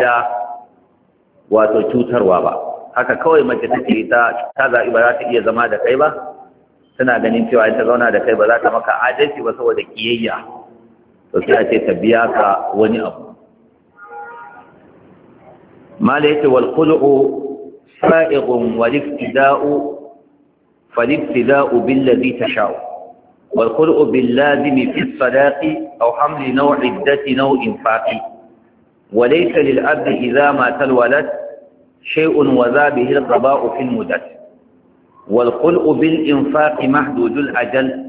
da wato cutarwa ba haka kawai mace take ita ta zaɓi ba za ta iya zama da kai ba tana ganin cewa in ta zauna da kai ba za ta maka adalci ba saboda kiyayya to sai a ce ta biya ka wani abu mala yace wal khulu'u sa'iqun wal ibtida'u fal ibtida'u billadhi tasha'u wal khulu'u bil lazimi fi sadaqi aw hamli naw'i iddati naw'in faqi وليس للأب إذا ما تلولت شيء وذا به القضاء في المدد والخلق بالإنفاق محدود الأجل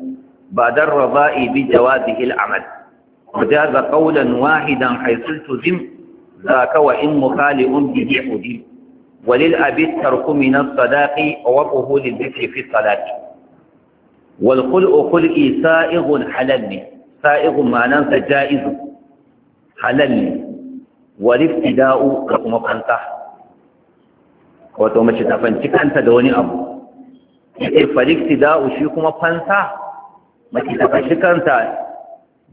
بعد الرضاء بجوازه العمل وجاز قولا واحدا حيث التزم ذاك وإن مخالئ به حدم وللأب الترك من الصداق ووقه للذكر في الصلاة والخلق خلقي سائغ حللني سائغ ما ننسى جائز حللني waliftida'u da kuma fanta wato mace ta fanci kanta da wani abu yake faliktida'u shi kuma fanta mace ta fanci kanta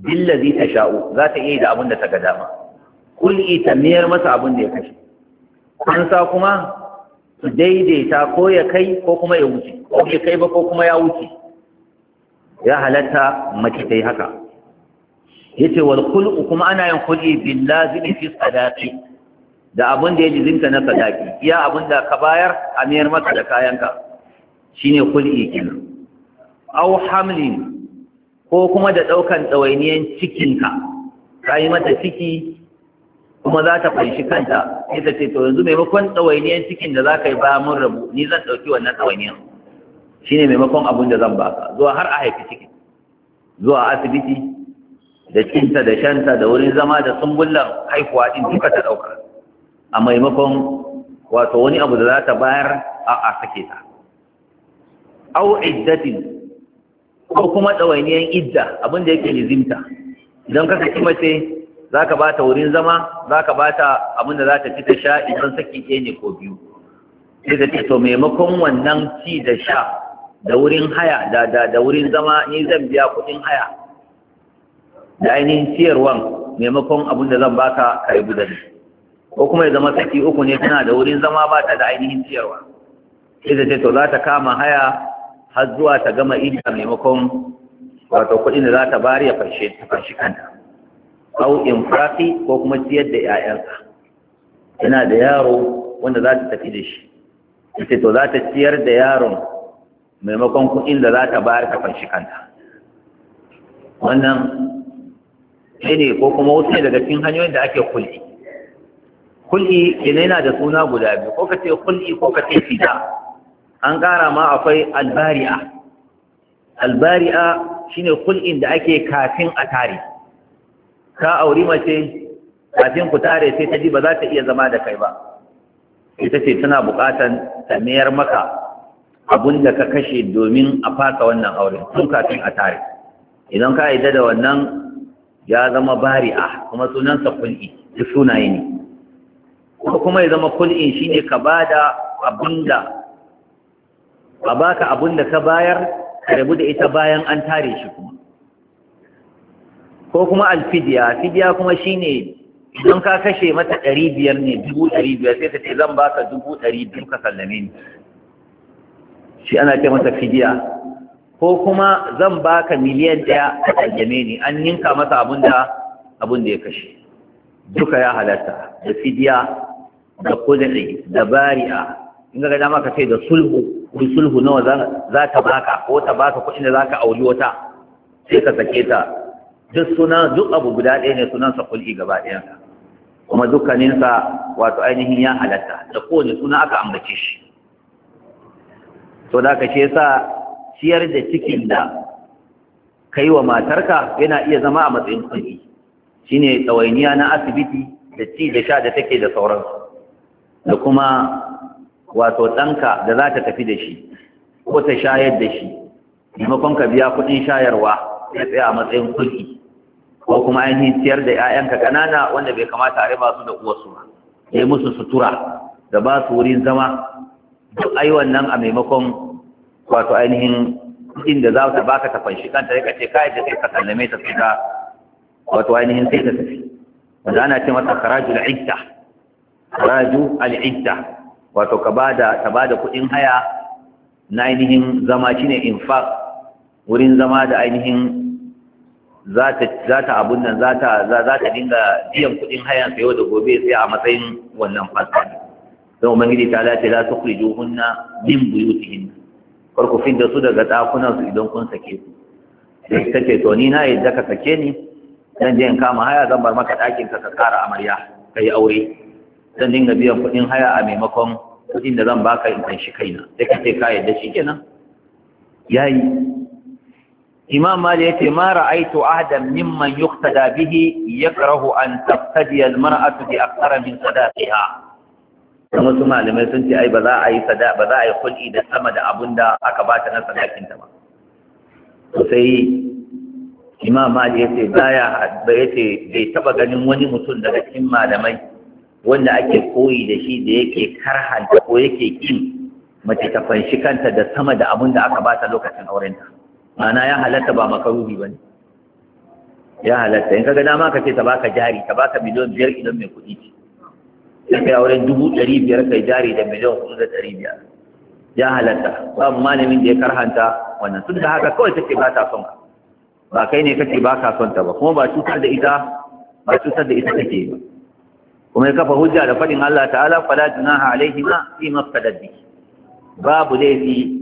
billazi ta sha'u za ta iya yi da abin da ta ga dama Kulli ta miyar masa abin da ya kashe fanta kuma su daidaita ko ya kai ko kuma ya wuce ko ya kai ba ko kuma ya wuce ya halatta mace ta yi haka yace wal khul'u kuma ana yin khul'i bil lazim fi sadaqi da abun da yaji zinka na sadaqi iya abun da ka bayar a miyar maka da kayanka shine khul'i kenan aw hamlin ko kuma da daukan dawainiyan cikinka kai mata ciki kuma za ta fanshi kanta ita ce to yanzu maimakon dawainiyan cikin da za ka yi ba mun rabu ni zan ɗauki wannan dawainiyan shine maimakon abun da zan baka zuwa har a haifi cikin zuwa asibiti da cinta da shanta da wurin zama da sumbullar haihuwa din duka ta ɗauka a maimakon wato wani abu da za ta bayar a a sake ta au iddatin ko kuma dawainiyan idda abin da yake lizimta idan ka saki mace za ka bata wurin zama za ka bata abin da za ta ci ta sha idan saki ɗaya ne ko biyu sai ta ce to maimakon wannan ci da sha da wurin haya da da wurin zama ni zan biya kuɗin haya da ainihin ciyarwan maimakon abin da zan baka ka yi gudanar. ko kuma ya zama saki uku ne tana da wurin zama ba ta da ainihin ciyarwa sai da ce to za ta kama haya har zuwa ta gama ina maimakon wato kuɗin da za ta bari ya fanshe ta fanshi kanta au in infraqi ko kuma ciyar da 'ya'yansa yana da yaro wanda za ta tafi da shi ita to za ta ciyar da yaron maimakon kuɗin da za ta bari ta fanshi kanta wannan sai ne ko kuma wasu daga cikin hanyoyin da ake kul'i kul'i idan yana da suna guda biyu ko ka ce kulli ko ka ce fita an ƙara ma akwai albari'a albari'a shine kul'in da ake kafin a tare ka auri mace kafin ku tare sai ta ji ba za ta iya zama da kai ba ita ce tana buƙatan ta mayar maka abun da ka kashe domin a fasa wannan auren tun kafin a tare idan ka yarda da wannan ya zama bari'a kuma sunansa kul'i duk sunaye ne ko kuma ya zama kul'in shine ka bada abinda a baka abinda ka bayar ka rabu da ita bayan an tare shi kuma ko kuma alfidiya fidiya kuma shine idan ka kashe mata ɗari biyar ne dubu ɗari biyar sai ta ce zan baka dubu ɗari biyu ka sallame ni shi ana ce mata fidiya ko kuma zan baka miliyan ɗaya a ƙaddame ni an ninka masa abin da abin da ya kashe duka ya halatta da fidiya da kudin da bari'a in ga dama ka ce da sulhu kun sulhu nawa za ta baka ko ta baka kuɗin da za ka auri wata sai ka sake ta duk suna duk abu guda ɗaya ne sa kul'i gaba ɗaya kuma dukkaninsa wato ainihin ya halatta da kowane suna aka ambace shi to da ka ce sa ciyar da cikin da ka yi wa matarka yana iya zama a matsayin kuɗi shine ne tsawainiya na asibiti da ci da sha da take da sauransu da kuma wato ɗanka da za ta tafi da shi ko ta shayar da shi maimakon ka biya kuɗin shayarwa ya tsaya a matsayin kuɗi ko kuma ainihin ciyar da 'ya'yanka ƙanana wanda bai kamata a riba su da uwarsu ba ya musu sutura da ba su wurin zama duk ai wannan a maimakon wato ainihin inda za ta baka ta fanshi kanta ya kace kai da ka sallame ta sai ka wato ainihin sai ta tafi wanda ana ce masa karajul idda karaju al idda wato ka bada ta bada kuɗin haya na ainihin zama shine infaq wurin zama da ainihin za ta abun nan za ta dinga biyan kuɗin sai sayo da gobe sai a matsayin wannan fasa don ubangiji ta lati la tukhrijuhunna min buyutihinna kar ku fidda su daga dakunan su idan kun sake su sai ta ce to ni na yadda ka sake ni zan je in kama haya zan bar maka ɗakin ka ka ƙara amarya ka yi aure zan dinga biyan kuɗin haya a maimakon kuɗin da zan baka in shi kaina sai ka ce ka yadda shi kenan yayi imam mali yace ma ra'aitu ahadan mimman yuqtada bihi yakrahu an tabtadi al-mar'atu bi akthara min sadaqiha dan wasu malamai sun ce ai ba za a yi sada ba za a yi kulli da sama da abun da aka ba ta na sadakin ta ba to sai imam mali ce, baya ba ce bai taba ganin wani mutum daga cikin malamai wanda ake koyi da shi da yake karhanta ko yake kin mace ta fanshi kanta da sama da abun da aka ba ta lokacin aurenta ma'ana ya halatta ba makaruhi ne, ya halatta in kaga dama ka ce ta baka jari ta baka miliyon biyar idan mai kuɗi ce sai kai auren dubu ɗari biyar kai jari da miliyan kudu da ɗari biyar ya halatta ba malamin da ya karhanta wannan tun da haka kawai take ba ta son ba kai ne kake ba ka son ta ba kuma ba cutar da ita ba cutar da ita take ba kuma ya kafa hujja da faɗin Allah ta'ala fala junaha ma fi mafsadati babu laifi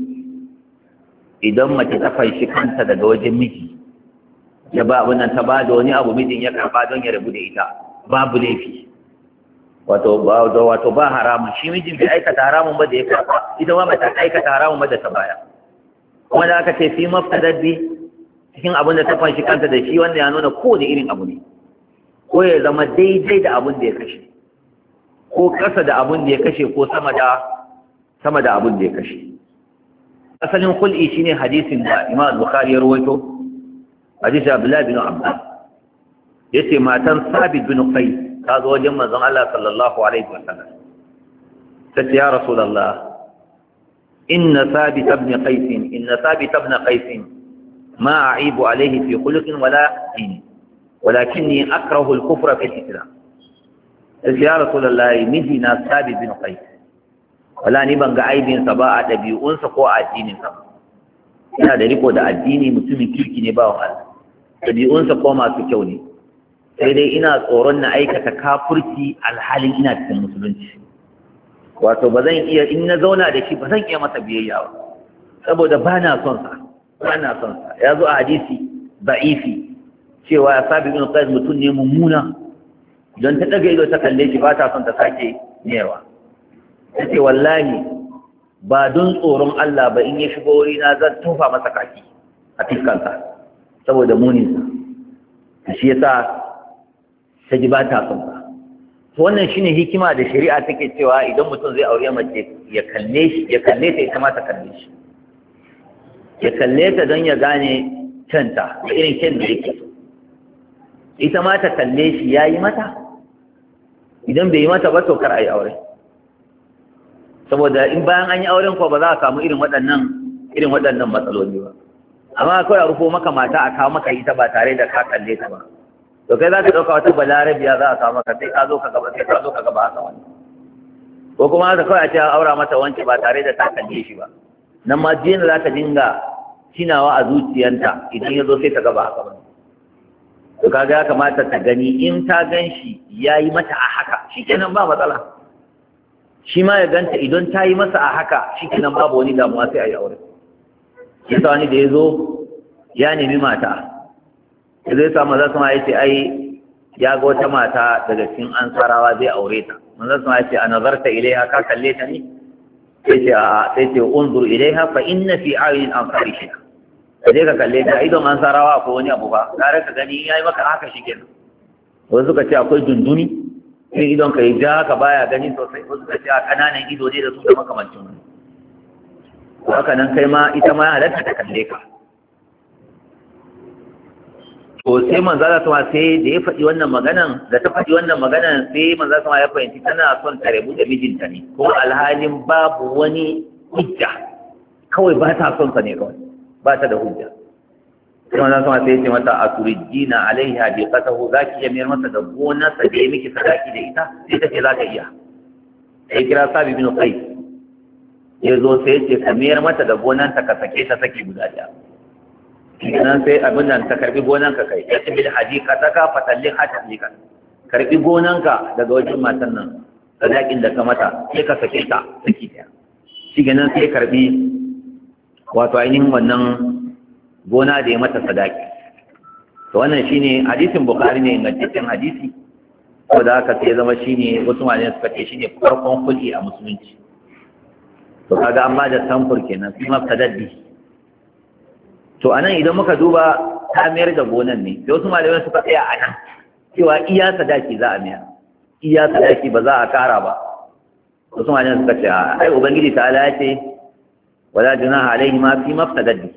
idan mace ta fanshi kanta daga wajen miji ya ba wannan ta ba da wani abu mijin ya karba don ya rabu da ita babu laifi wato ba wato ba haramun shi mijin bai aikata haramun ba da ya karba ita ma bata aikata haramun ba da ta baya kuma da aka ce fi mafsadaddi cikin abin da ta fanshi kanta da shi wanda ya nuna ko da irin abu ne ko ya zama daidai da abin da ya kashe ko kasa da abin da ya kashe ko sama da sama da abin da ya kashe asalin kul'i shine hadisin da Imam Bukhari ya rawaito hadisi Abdullahi, bin Abbas yace matan Sabit bin Qais ta zo wajen manzon Allah sallallahu alaihi wasallam ta ce ya rasulullah inna thabit ibn qais inna thabit ibn qais ma a'ibu alaihi fi khuluqin wala din walakinni akrahu al-kufra fi al-islam ta ce ya rasulullah mijina thabit ibn qais wala ni ban ga aibinsa ba a ɗabi'unsa ko a addininsa ba yana da riko da addini mutumin kirki ne bawan Allah ɗabi'unsa ko masu kyau ne sai dai ina tsoron na aikata kafurci alhalin ina cikin musulunci wato ba zan iya in na zauna da shi ba zan iya masa biyayya ba saboda ba na son sa ba na son sa ya zo a hadisi ba'ifi cewa ya sabi bin qais mutum ne mummuna don ta daga ido ta kalle shi ba ta son ta sake newa ce wallahi ba don tsoron Allah ba in ya shigo wuri na zan tofa masa kaki a fiskanta saboda muninsa shi yasa ta ji ba ta son ba to wannan shine hikima da shari'a take cewa idan mutum zai aure mace ya kalle shi ya kalle ta ita ma ta kalle shi ya kalle ta don ya gane canta da irin kyan da yake so ita ma ta kalle shi ya yi mata idan bai yi mata ba to kar a yi aure saboda in bayan an yi auren ko ba za a samu irin waɗannan irin waɗannan matsaloli ba amma akwai a rufo maka mata a kawo maka ita ba tare da ka kalle ta ba to kai za ka ɗauka wata balarabiya za a samu maka sai ka zo ka gaba sai ka zo ka gaba haka wani ko kuma haka kawai a ce aura mata wanke ba tare da ta kalle shi ba nan ma jiya za ka dinga cinawa a zuciyanta idan ya zo sai ta gaba a wani to kaga ya kamata ta gani in ta gan shi ya yi mata a haka Shi kenan ba matsala shi ma ya ganta idan ta yi masa a haka Shi kenan babu wani damuwa sai a yi aure yasa wani da ya zo ya nemi mata ya zai sa maza sama ya ce ai ya ga wata mata daga cikin ansarawa zai aure ta maza sama ya ce a nazarta ilaiha ka kalle ta ne sai ce a sai ce unzur ilaiha fa inna fi ayin an fari shi ka je ka kalle ta idon ansarawa ko wani abu ba tare ka gani yayi maka haka shi kenan wasu suka ce akwai dunduni sai idon ka yi ja ka baya gani sosai wasu suka ce a kananan ido ne da su da makamancin wani haka nan kai ma ita ma halatta ta kalle ka to sai manzo Allah sama sai da ya faɗi wannan maganan da ta faɗi wannan maganan sai manzo sama ya fahimci tana son ta rabu da mijinta ne ko alhalin babu wani hujja kawai ba ta son sa ne kawai ba ta da hujja sai manzo sama sai ya ce mata aturijina alaiha bi qatahu zaki ya mayar masa da gona sa da miki sadaki da ita sai ta ce za ka iya sai kira sabi bin qais ya zo sai ya ce ka mayar mata da gonan ta ka sake ta sake guda ɗaya kenan sai abin nan ka karbi gonanka kai ta bil da hajika ta ka fatallin hajika karbi gonanka daga wajen matan nan sadakin da ka mata sai ka sake ta saki daya shi kenan sai karbi wato ainihin wannan gona da ya mata sadaki to wannan shine hadisin bukhari ne cikin hadisi ko da haka sai zama shine wasu malamai suka ce shine farkon kulli a musulunci to kaga amma da samfur kenan kuma sadaddi to anan idan muka duba ta mayar da gonan ne da wasu malamai suka tsaya a nan cewa iya sadaki za a mayar iya sadaki ba za a kara ba wasu malamai suka ce ai ubangiji ta ala ce wala juna alaihi ma fi mafsadati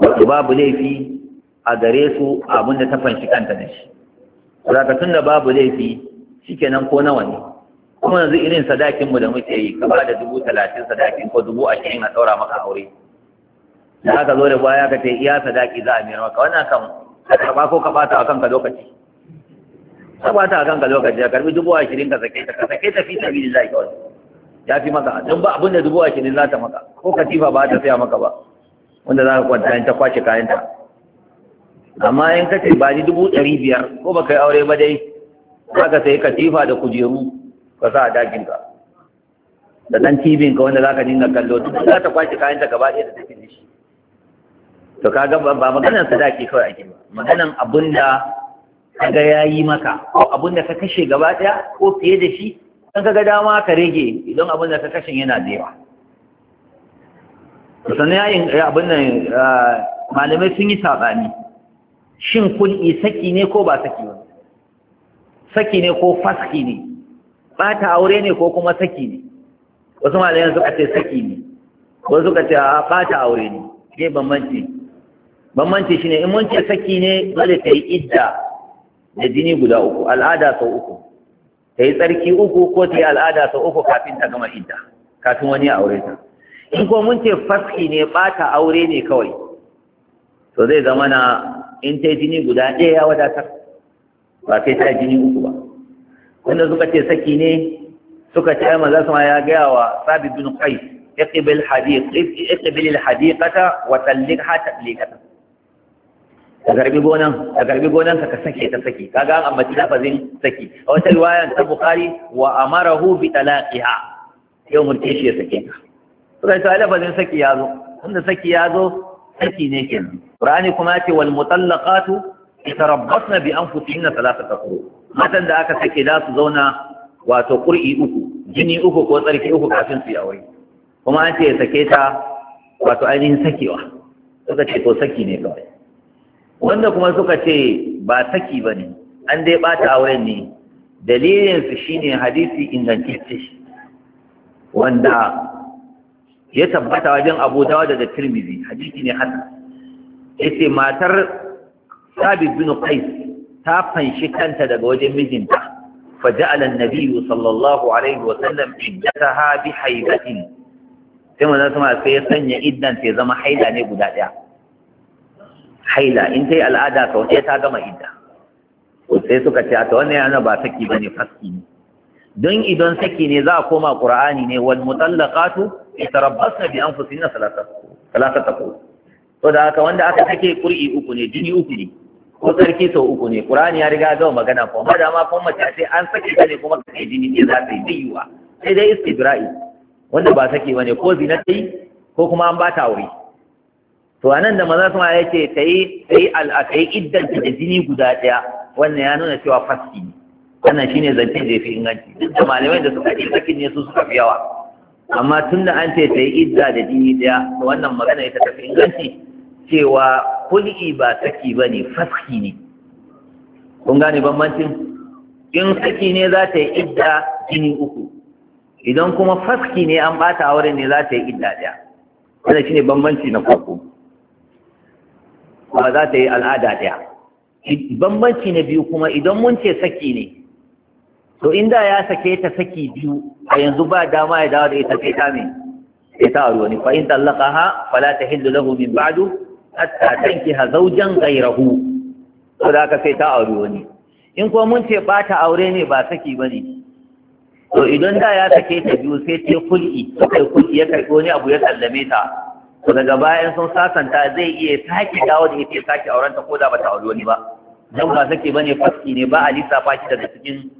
wato babu laifi a gare su abun da ta fanci kanta da shi zakatun da babu laifi shikenan ko nawa ne kuma yanzu irin sadakin mu da muke yi ka ba da dubu talatin sadakin ko dubu ashirin a ɗaura maka aure da aka zo da baya ka ce iya sadaki za a miyar maka wannan kan ka karba ko ka bata a kanka lokaci ka bata a kanka lokaci ka karbi dubu ashirin ka sake ta ka sake ta fi sabili za ka wani ya fi maka don ba abin da dubu ashirin za ta maka ko katifa ba ta saya maka ba wanda za ka kwanta ta kwace kayanta amma in ka ce ba ni dubu ɗari biyar ko ba kai aure ba dai za ka sayi katifa da kujeru ka sa a dakin ka. da ɗan ka wanda za ka dinga kallo za ta kwace ta gaba ɗaya da tafi da to kaga ba maganar sadaki kawai ake ba maganar abinda kaga yayi maka ko abinda ka kashe gaba daya ko fiye da shi dan kaga dama ka rage idan abinda ka kashe yana da yawa to sanan yayin eh, abin nan eh, malamai sun yi sabani shin kul'i saki ne ko ba saki ba saki ne ko faski ne bata aure ne ko kuma saki ne wasu malamai suka ce saki ne wasu suka ce bata aure ne ke bambanci bambanci ne in mun ce saki ne dole ta yi idda da jini guda uku al'ada sau uku ta yi tsarki uku ko ta yi al'ada sau uku kafin ta gama idda kafin wani aure ta in ko mun ce faski ne bata aure ne kawai to zai zama na in ta yi jini guda ɗaya ya wadatar ba sai ta yi jini uku ba wanda suka ce saki ne suka ce ai maza sama ya gaya wa sabi bin qais iqbil hadiq iqbil alhadiqata wa talliqha tatliqata ka garbi gonan ka garbi gonan ka sake ta saki kaga an ambaci lafazin saki a wata riwaya ta bukhari wa amarahu bi talaqiha yau murte shi ya sake ka to kai ta lafazin saki ya zo tunda saki ya zo saki ne kenan qur'ani kuma ya ce wal mutallaqatu yatarabbasna bi anfusihinna thalathata quru matan da aka sake za su zauna wato qur'i uku jini uku ko tsarki uku kafin su yi aure kuma an ce ya sake ta wato ainihin sakewa suka ce to saki ne kawai wanda kuma suka ce ba saki ba ne an dai bata auren ne dalilinsu shine hadisi ingantacce wanda ya tabbata wajen abu dawa da tirmizi hadisi ne haka ya ce matar Sabis bin qais ta fanshi kanta daga wajen mijinta فجعل النبي صلى الله عليه وسلم عدتها بحيضة ثم نسمع سيسن عدن في زما حيضة ne guda ɗaya. haila in ta yi al'ada sau ɗaya ta gama idda sai suka ce a ta wannan yana ba saki ba ne faski ne don idan saki ne za a koma qur'ani ne wal mutallaqatu itarabbasna bi salasa salasa qur to da haka wanda aka sake qur'i uku ne jini uku ne ko sarki sau uku ne qur'ani ya riga gama magana ko ma da ma kuma mace sai an sake ta ne kuma kai jini ne za ta yi biyuwa sai dai istibra'i wanda ba saki bane ko zina yi ko kuma an ba ta aure to anan da maza kuma ya ce ta yi al'akai iddanta da jini guda ɗaya wannan ya nuna cewa faski ne wannan shine zance da ya fi inganci duk da malamai da suka ce sakin ne su suka fi yawa amma tun da an ce ta yi idda da jini ɗaya to wannan magana ita ta fi inganci cewa kul'i ba saki ba ne faski ne kun gane bambancin in saki ne za ta yi idda jini uku idan kuma faski ne an bata auren ne za ta yi idda ɗaya wannan shine bambanci na farko ba za ta yi al'ada ɗaya bambanci na biyu kuma idan mun ce saki ne to inda ya sake ta saki biyu a yanzu ba dama ya dawo da ita sai ta me sai ta aure wani fa in ha fala hindu lahu min ba'du hatta tankiha zawjan ghayrahu to da ka sai ta aure wani in kuma mun ce ba ta aure ne ba saki bane to idan da ya sake ta biyu sai ta kul'i sai kul'i ya karɓi wani abu ya sallame ta ko daga bayan sun sasanta zai iya sake dawo da yake sake auren ta koda bata aure wani ba dan ba sake bane faski ne ba a lissafa faki daga cikin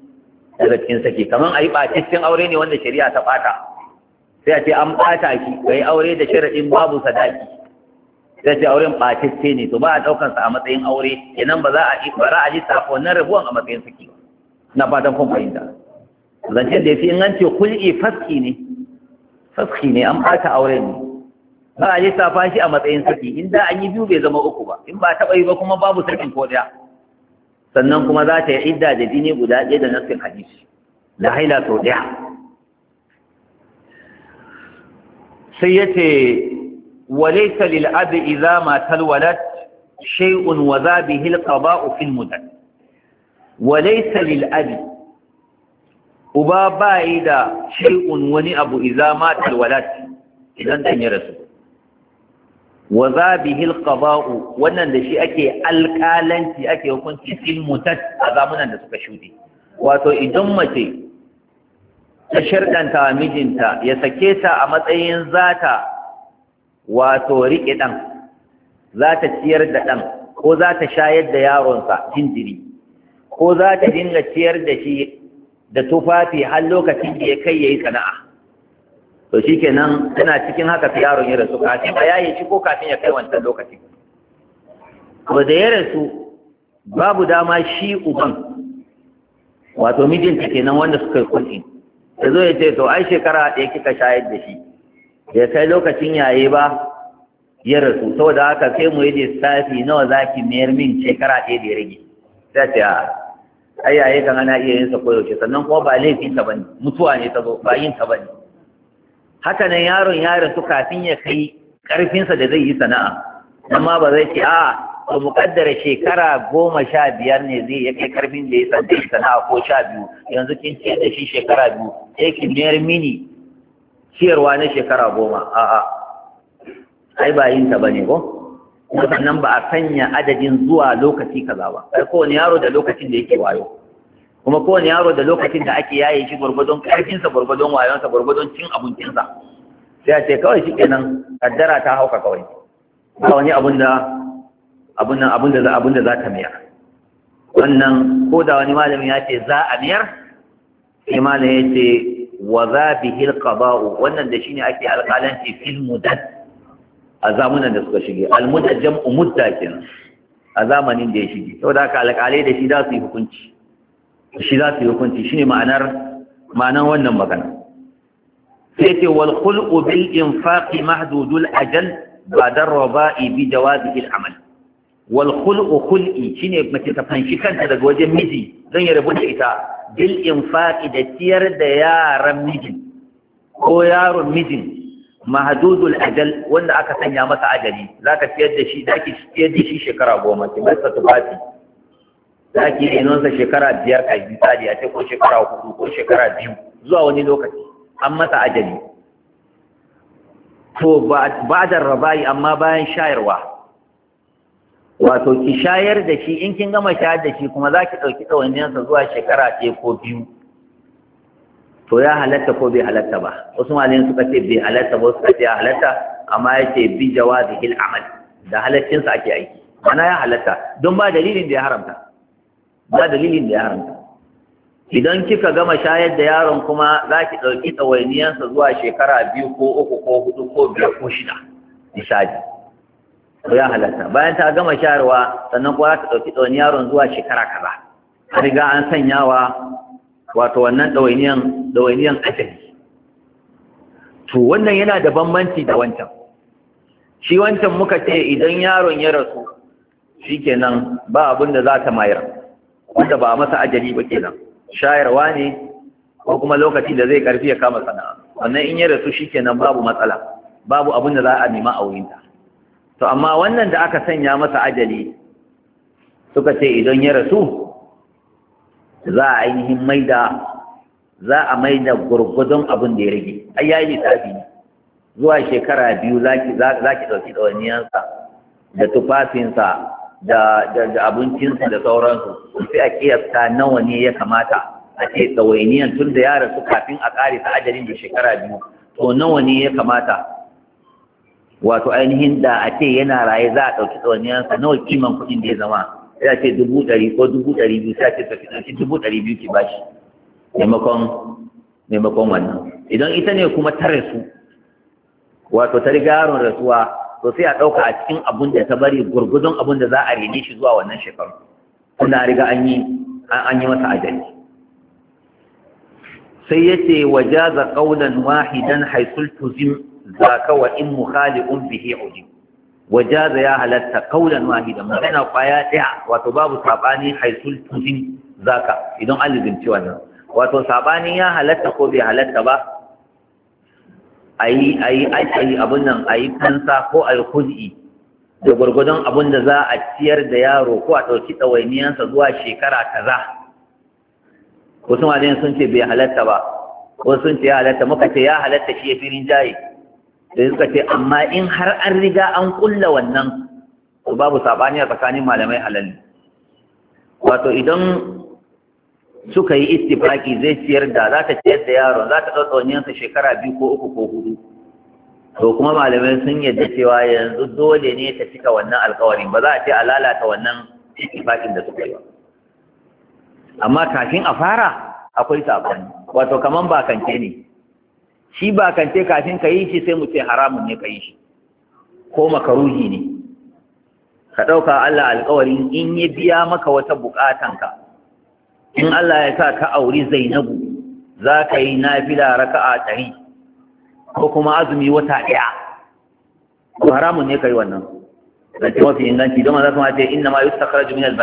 daga cikin sake kaman ayi cikin aure ne wanda shari'a ta fata sai a ce an bata shi kai aure da sharadin babu sadaki sai ce auren cikin ne to ba a daukan sa a matsayin aure kenan ba za a ba za a ko wannan rabuwan a matsayin sake ba na fatan kun fahimta zancen da yafi in an ce kul'i faski ne faski ne an bata aure ne ba a lissafa shi a matsayin saki in da an yi biyu bai zama uku ba in ba taɓa yi ba kuma babu sarkin ko ɗaya sannan kuma za ta yi idda da jini guda ɗaya da nassin hadisi na haila sau ɗaya sai ya ce walaita abi idza matal talwalat shay'un wa za bihi al-qada'u fil mudad walaita abi uba bai da shay'un wani abu idza matal talwalat idan dan ya rasu wa za bihil qada'u wannan da shi ake alƙalanci ake hukunci cikin mutat a zamanan da suka shuɗe wato idan mace ta sharɗanta mijinta ya sake ta a matsayin zata wato riƙe ɗan za ta ciyar da ɗan ko za ta shayar da yaronsa jinjiri ko za ta dinga ciyar da shi da tufafi har lokacin da ya kai ya yi sana'a to shikenan tana cikin haka sai yaron ya rasu kafin a yaye shi ko kafin ya kai wancan lokacin to da ya rasu babu dama shi uban wato mijinta kenan wanda suka yi kulki ya zo ya ce to ai shekara ɗaya kika shayar da shi ya kai lokacin yaye ba ya rasu saboda haka sai mu yi lissafi nawa zaki mayar min shekara ɗaya da ya rage sai ce ai yaye kan ana iya yin sa koyaushe sannan kuma ba laifin ta bane mutuwa ne ta zo ba yin ta bane haka nan yaron yaron su kafin ya kai ƙarfinsa da zai yi sana'a amma ba zai ce a to muƙaddara shekara goma sha biyar ne zai ya kai ƙarfin da ya yi sana'a ko sha biyu yanzu kin ce da shi shekara biyu sai ki mayar mini ciyarwa na shekara goma a'a ai ba yin ta bane ko sannan ba a sanya adadin zuwa lokaci kaza ba kai kowane yaro da lokacin da yake wayo kuma kowane yaro da lokacin da ake yaye shi gwargwadon karfinsa gwargwadon wayonsa gwargwadon cin abincinsa sai a ce kawai shi kenan kaddara ta hauka kawai ba wani abun da abun nan abun da abun da za ta miyar wannan ko da wani malami ya ce za a miyar sai malami ya ce wa za bihi alqada'u wannan da shine ake alƙalanci fil mudad a zamanin da suka shige al mudad jam'u mudda kenan a zamanin da ya shige saboda haka alƙalai da shi za su yi hukunci shi za su yi hukunci shi ne ma'anar wannan magana sai ce wal khulqu bil infaqi mahdudul ajal ba raba'i bi da al amal wal khulqu khulqi shine mace ta fanshi kanta daga wajen miji don yi rubuta ita bil infaqi da tiyar da yaran mijin ko yaron mijin mahdudul ajal wanda aka sanya masa ajali zaka ciyar da shi zaki ciyar da shi shekara goma ki bar tufafi da ake renonsa shekara biyar a misali a ce ko shekara hudu ko shekara biyu zuwa wani lokaci an masa ajali to ba da yi amma bayan shayarwa wato ki shayar da shi in kin gama shayar da shi kuma za ki ɗauki ɗawainiyarsa zuwa shekara ɗaya ko biyu to ya halatta ko bai halatta ba wasu malayin suka ce bai halatta ba suka ce ya halatta amma ya ce bi hil amal da halaccinsa ake aiki mana ya halatta don ba dalilin da ya haramta ba dalilin da yaron idan kika gama shayar da yaron kuma za ki ɗauki ɗawainiyarsa zuwa shekara biyu ko uku ko hudu ko biyar ko shida misali ko ya halatta bayan ta gama shayarwa sannan kuma za ta ɗauki ɗawainiyan yaron zuwa shekara kaza A riga an sanyawa wato wannan ɗawainiyan ɗawainiyan ajali to wannan yana da bambanci da wancan shi wancan muka ce idan yaron ya rasu shikenan ba abin da za ta mayar wanda ba masa ajali ba kenan shayarwa ne ko kuma lokaci da zai karfi ya kama sana'a wannan in ya rasu shi shikenan babu matsala babu abin da za a nema a wurinta to amma wannan da aka sanya masa ajali suka ce idan ya rasu za a ainihin maida za a maida gurgudun abin da ya rage ai yayi lissafi zuwa shekara biyu zaki ki ɗauki ɗawainiyarsa da tufafinsa da da abincinsu da sauransu sai a kiyasta nawa ne ya kamata a ce tsawainiyan tun da ya rasu kafin a ƙare ta ajalin da shekara biyu to nawa ne ya kamata wato ainihin da a ce yana raye za a ɗauki tsawainiyansa nawa kiman kuɗin da ya zama sai a ce dubu ɗari ko dubu ɗari biyu sai a ce tafi ɗauki dubu ɗari biyu ki bashi maimakon maimakon wannan idan ita ne kuma ta rasu wato ta riga yaron rasuwa to sai a ɗauka a cikin abun da ta bari gurgudun abun da za a rene shi zuwa wannan shekaru tunda riga an yi an yi masa ajali sai ya yace wajaza qawlan wahidan haythul tuzim zaka wa in un bihi ujib wajaza ya halatta qawlan wahidan magana ƙwaya ɗaya wato babu sabani haythul tuzim zaka idan an lizinci wannan wato sabani ya halatta ko bai halatta ba a yi a a abin nan a yi kansa ko a yi da gwargwadon abin da za a ciyar da yaro ko a ɗauki ɗawainiyansa zuwa shekara kaza wasu malayan sun ce bai halatta ba wasu sun ce ya halatta muka ce ya halatta shi ya firin rinjaye, da suka ce amma in har an riga an kulla wannan to babu saɓani a tsakanin malamai halal wato idan suka yi istifaki zai ciyar da za ta ciyar da yaro za ta ɗauɗa shekara biyu ko uku ko hudu to kuma malamai sun yadda cewa yanzu dole ne ta cika wannan alkawarin ba za a ce a lalata wannan istifakin da suka yi ba amma kafin a fara akwai sabon wato kaman bakance ne shi bakance kafin ka yi shi sai mu ce haramun ne ka yi shi ko makaruhi ne ka ɗauka Allah alkawarin in ya biya maka wata buƙatanka in Allah ya sa ka auri Zainabu za ka yi nafila raka'a ɗari ko kuma azumi wata ɗaya ko haramun ne ka yi wannan zance mafi inganci don za su ma ce inna ma yustakhraju min al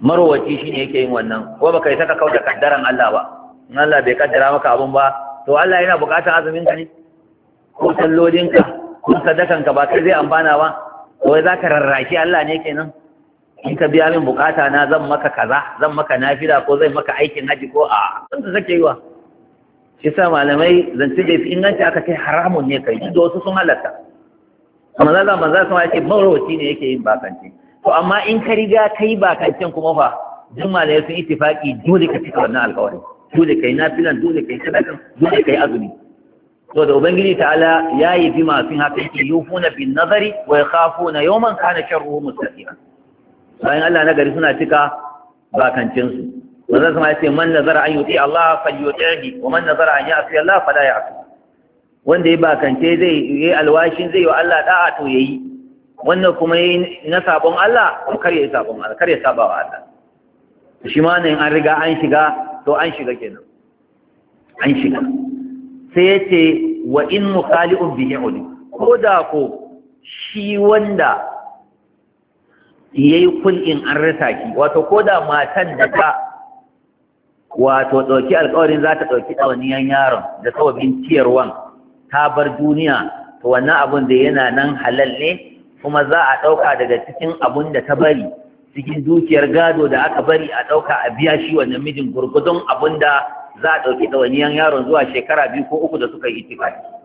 marowaci shi ne yake yin wannan ko baka yi saka kauda kaddaran Allah ba in Allah bai kaddara maka abun ba to Allah yana buƙatar azumin ka ne ko sallolinka ko sadakanka ba kai zai amfana ba ko za ka rarraki Allah ne kenan in ka biya min bukata na zan maka kaza zan maka nafila ko zan maka aikin haji ko a san da sake wa shi sa malamai zance da fi inganci aka kai haramun ne kai da wasu sun halatta amma zan zan sama yake marowaci ne yake yin bakanci to amma in ka riga kai bakancin kuma fa duk malamai sun ittifaqi dole ka cika wannan alƙawari dole kai nafilan dole kai sadaka dole kai azumi to da ubangiji ta'ala yayi bi masu haka yake yufuna bin nazari wa yakhafuna yawman kana sharruhu mustaqima bayan Allah na gari suna cika bakancinsu manzon sama ya ce man nazara an yuti Allah falyutihi wa man nazara an ya'si Allah fala ya'si wanda ya bakance zai yi alwashin zai yi wa Allah da'a to yayi wannan kuma yayi na sabon Allah ko kar yayi sabon Allah kar ya saba wa Allah shi ma ne an riga an shiga to an shiga kenan an shiga sai ya ce wa in mukhali'un bihi uli ko da ko shi wanda yayi kul'in an rasa ki! wato ko da matan da ta wato ɗauki alƙawarin za ta ɗauki ɗawaniyan yaron da sababin ciyarwan ta bar duniya to wannan abun da yana nan halal ne kuma za a ɗauka daga cikin abun da ta bari cikin dukiyar gado da aka bari a ɗauka a biya shi wannan mijin gurgudun abun da za a ɗauki ɗawaniyan yaron zuwa shekara biyu ko uku da suka yi itifaki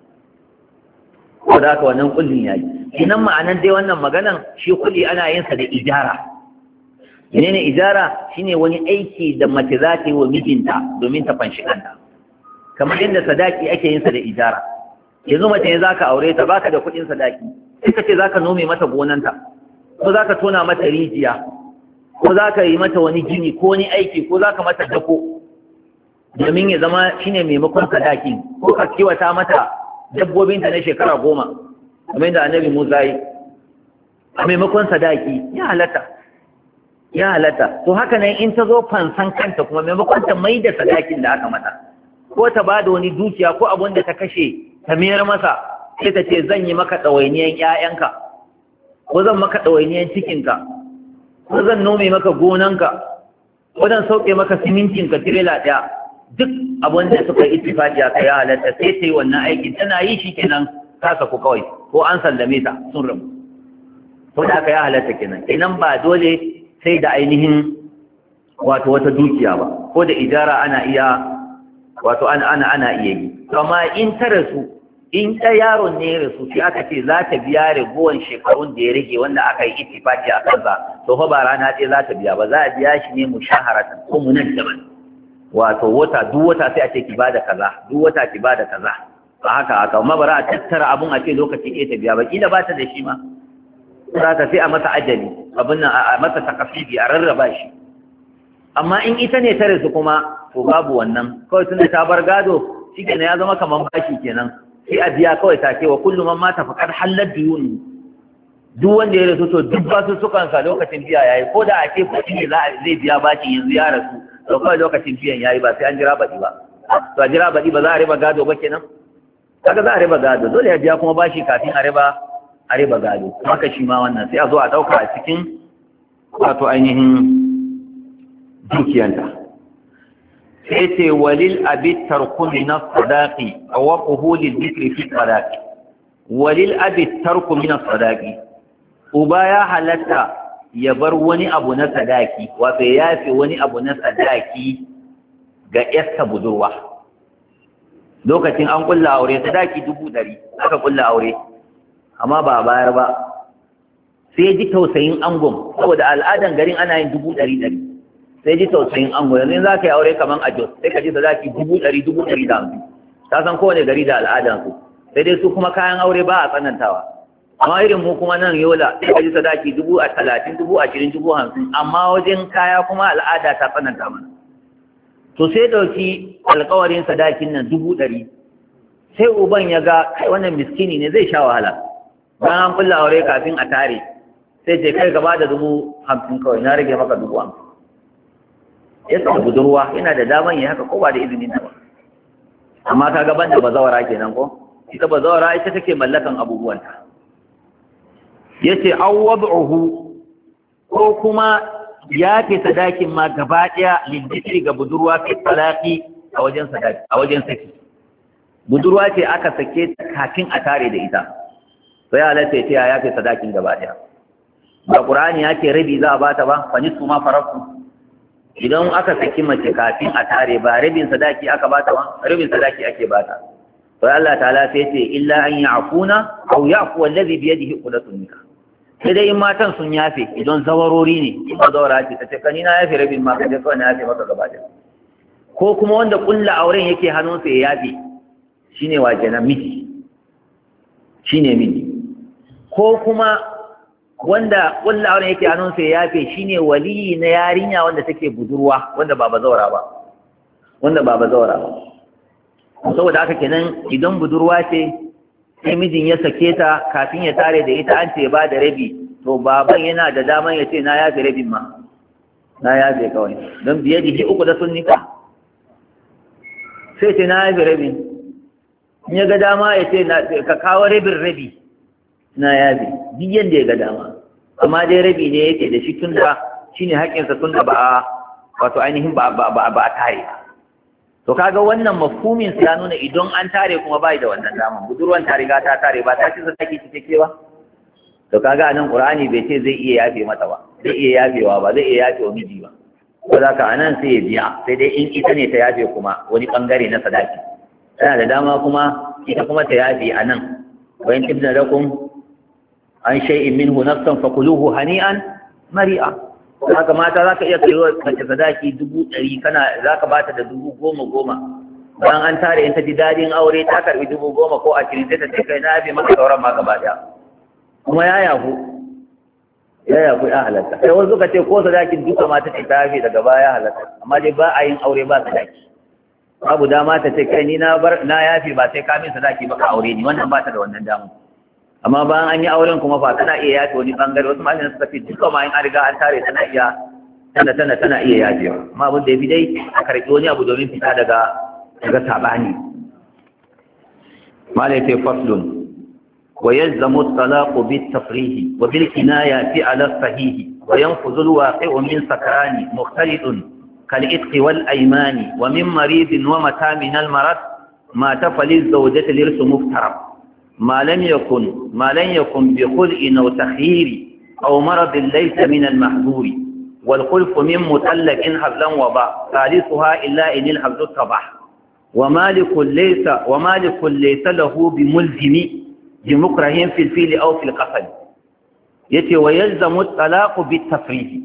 ko da haka wannan ya yi kinan ma'anan dai wannan maganan shi kulli ana yin sa da ijara menene ijara shine wani aiki da mace za ta yi wa mijinta domin ta fanshi kanta kamar yadda sadaki ake yin sa da ijara yanzu mace ne zaka aure ta baka da kuɗin sadaki sai ka ce zaka nome mata gonanta ko zaka tona mata rijiya ko zaka yi mata wani gini ko wani aiki ko zaka mata dako domin ya zama shine maimakon sadaki ko ka kiwata mata dabbobin ta na shekara goma kamar yadda annabi Musa yi a maimakon sadaki ya halatta ya halatta to haka nan in ta zo fansan kanta kuma maimakon ta mai da sadakin da aka mata ko ta ba da wani dukiya ko abin da ta kashe ta mayar masa sai ta ce zan yi maka ɗawainiyan ƴaƴanka ko zan maka ɗawainiyan cikinka ko zan nome maka gonanka ko zan sauke maka simintinka tirela ɗaya duk abin da suka yi ittifaki a kai halatta sai ta yi wannan aikin tana yi shi kenan kasa ku kawai ko an sallame ta sun rabu to da aka yi halatta kenan kenan ba dole sai da ainihin wato wata dukiya ba ko da ijara ana iya wato ana ana ana iya yi amma in ta rasu in ta yaron ne ya rasu sai aka ce za ta biya ragowar shekarun da ya rage wanda aka yi ittifaki a kansa to fa ba rana ɗaya za ta biya ba za a biya shi ne mu mushaharatan ko mu munan daban wato wata duk wata sai a ce ki bada kaza duk wata ki bada kaza ba haka haka amma bara a tattara abun a ce lokaci ke ta biya ba kila ba ta da shi ma za ka sai a masa ajali abin nan a masa takafifi a rarraba shi amma in ita ne tare su kuma to babu wannan kawai tunda ta bar gado shi kenan ya zama kamar bashi kenan sai a biya kawai ta ce wa kullum man mata faƙar hallar duyuni duk wanda ya rasu to duk basu sukan sa lokacin biya yayi ko da a ce kuɗi ne za a zai biya bashi yanzu ya rasu to kawai lokacin biyan yayi ba sai an jira baɗi ba to a jira baɗi ba za a riba gado ba kenan kaga za a riba gado dole ya biya kuma bashi kafin a riba a riba gado haka shi ma wannan sai a zo a ɗauka a cikin wato ainihin dukiyanta sai ce walil abi tarkumi na sadaqi wa quhul dhikri fi sadaqi walil abi tarkumi min sadaqi uba ya halatta ya bar wani abu na sadaki wato ya yafe wani abu na sadaki ga yasta budurwa lokacin an kulla aure sadaki dubu ɗari aka kulla aure amma ba bayar ba sai ji tausayin angon saboda al'adan garin ana yin dubu ɗari ɗari sai ji tausayin angon yanzu za ka yi aure kamar a jos sai ka ji sadaki dubu ɗari dubu ɗari da hamsin ta san kowane gari da al'adansu sai dai su kuma kayan aure ba a tsanantawa amma irin mu kuma nan yola sai ka ji sadaki dubu a talatin dubu a shirin dubu hamsin amma wajen kaya kuma al'ada ta tsananta mana to sai ɗauki alkawarin sadakin nan dubu ɗari sai uban ya ga kai wannan miskini ne zai sha wahala bayan an kulla aure kafin a tare sai ce kai gaba da dubu hamsin kawai na rage maka dubu hamsin ya sa budurwa yana da daman ya haka ko ba da izinin ta ba amma ka gaban da bazawara kenan ko ita bazawara ita take mallakan abubuwanta yace aw wad'uhu ko kuma ya ke sadakin ma gaba daya lidikri ga budurwa fi talaqi a wajen sadaki a wajen saki budurwa ce aka sake ta kafin a tare da ita to ya halatta ce ya ke sadakin gaba daya da qur'ani ya ce rabi za a bata ba fani su ma farakku idan aka saki mace kafin a tare ba rabin sadaki aka bata ba rabin sadaki ake bata to Allah ta'ala sai ce illa an ya'funa aw ya'fu allazi bi yadihi qudratun nikah sai dai matan sun yafe idan zawarori ne in ba zawara ce ta ce kani na yafe rabin ma ka je kawai na yafe maka gaba da ko kuma wanda kulla auren yake hannunsa ya yafe shine waje na miji shine miji ko kuma wanda kulla auren yake hannunsa ya yafe shine waliyi na yarinya wanda take budurwa wanda ba zawara ba wanda ba zawara ba saboda haka kenan idan budurwa ce sai mijin ya sake ta kafin ya tare da ita an ce ba da rabi to baban yana da daman ya ce na yafe rabin ma na yafe kawai don biye jiki uku da sun nika sai ce na yafe rabin in ya ga dama ya ce ka kawo rabin rabi na yafe biyan da ya ga dama amma dai rabi ne yake da shi tun da shi ne haƙƙinsa tun da ba wato ainihin ba a tare ba to kaga wannan mafhumin ya nuna idan an tare kuma bai da wannan dama budurwan ta riga ta tare ba ta ci take ki take ba to kaga anan qur'ani bai ce zai iya yafe mata ba zai iya yafewa ba zai iya yafe wa miji ba ko za ka anan sai ya biya sai dai in ita ne ta yafe kuma wani bangare na sadaki tana da dama kuma ita kuma ta yafe anan wa in tibna lakum an shay'in minhu nafsan fakuluhu hani'an mari'a haka mata za ka iya kai wa mace sadaki dubu ɗari kana za ka bata da dubu goma goma bayan an tare in ta ji daɗin aure ta karɓi dubu goma ko ashirin sai ta ce kai na yafe maka sauran ma gaba ɗaya kuma ya yafu ya yafu ya halatta sai wasu suka ce ko sadakin duka mata ce ta yafe daga baya ya halatta amma dai ba a yin aure ba sadaki babu dama ta ce kai ni na bar na yafe ba sai ka min sadaki ba ka aure ni wannan ba ta da wannan damu amma bayan an yi auren kuma ba tana iya yafe wani bangare wasu mashin suka fi duka bayan an riga an tare tana iya tana tana iya yafe amma abin dai karɓi wani abu domin fita daga daga saɓani malai ta faslun wa yadda mutsala ko bi tafrihi wa bil kinaya fi ala sahihi wa yan ku zulwa sai wa min sakarani muhtaridun kal itqi wal aymani wa min maridin wa mata min al marad ma tafali zawjati lirsu muftarab ما لم يكن ما لم يكن بخلء أو تخيير أو مرض ليس من المحذور والخلف من متلك حبلا وباء ثالثها إلا إن الحبل الطبح ومالك ليس ومالك ليس له بملزم بمكره في الفيل أو في القتل يتي ويلزم الطلاق بالتفريج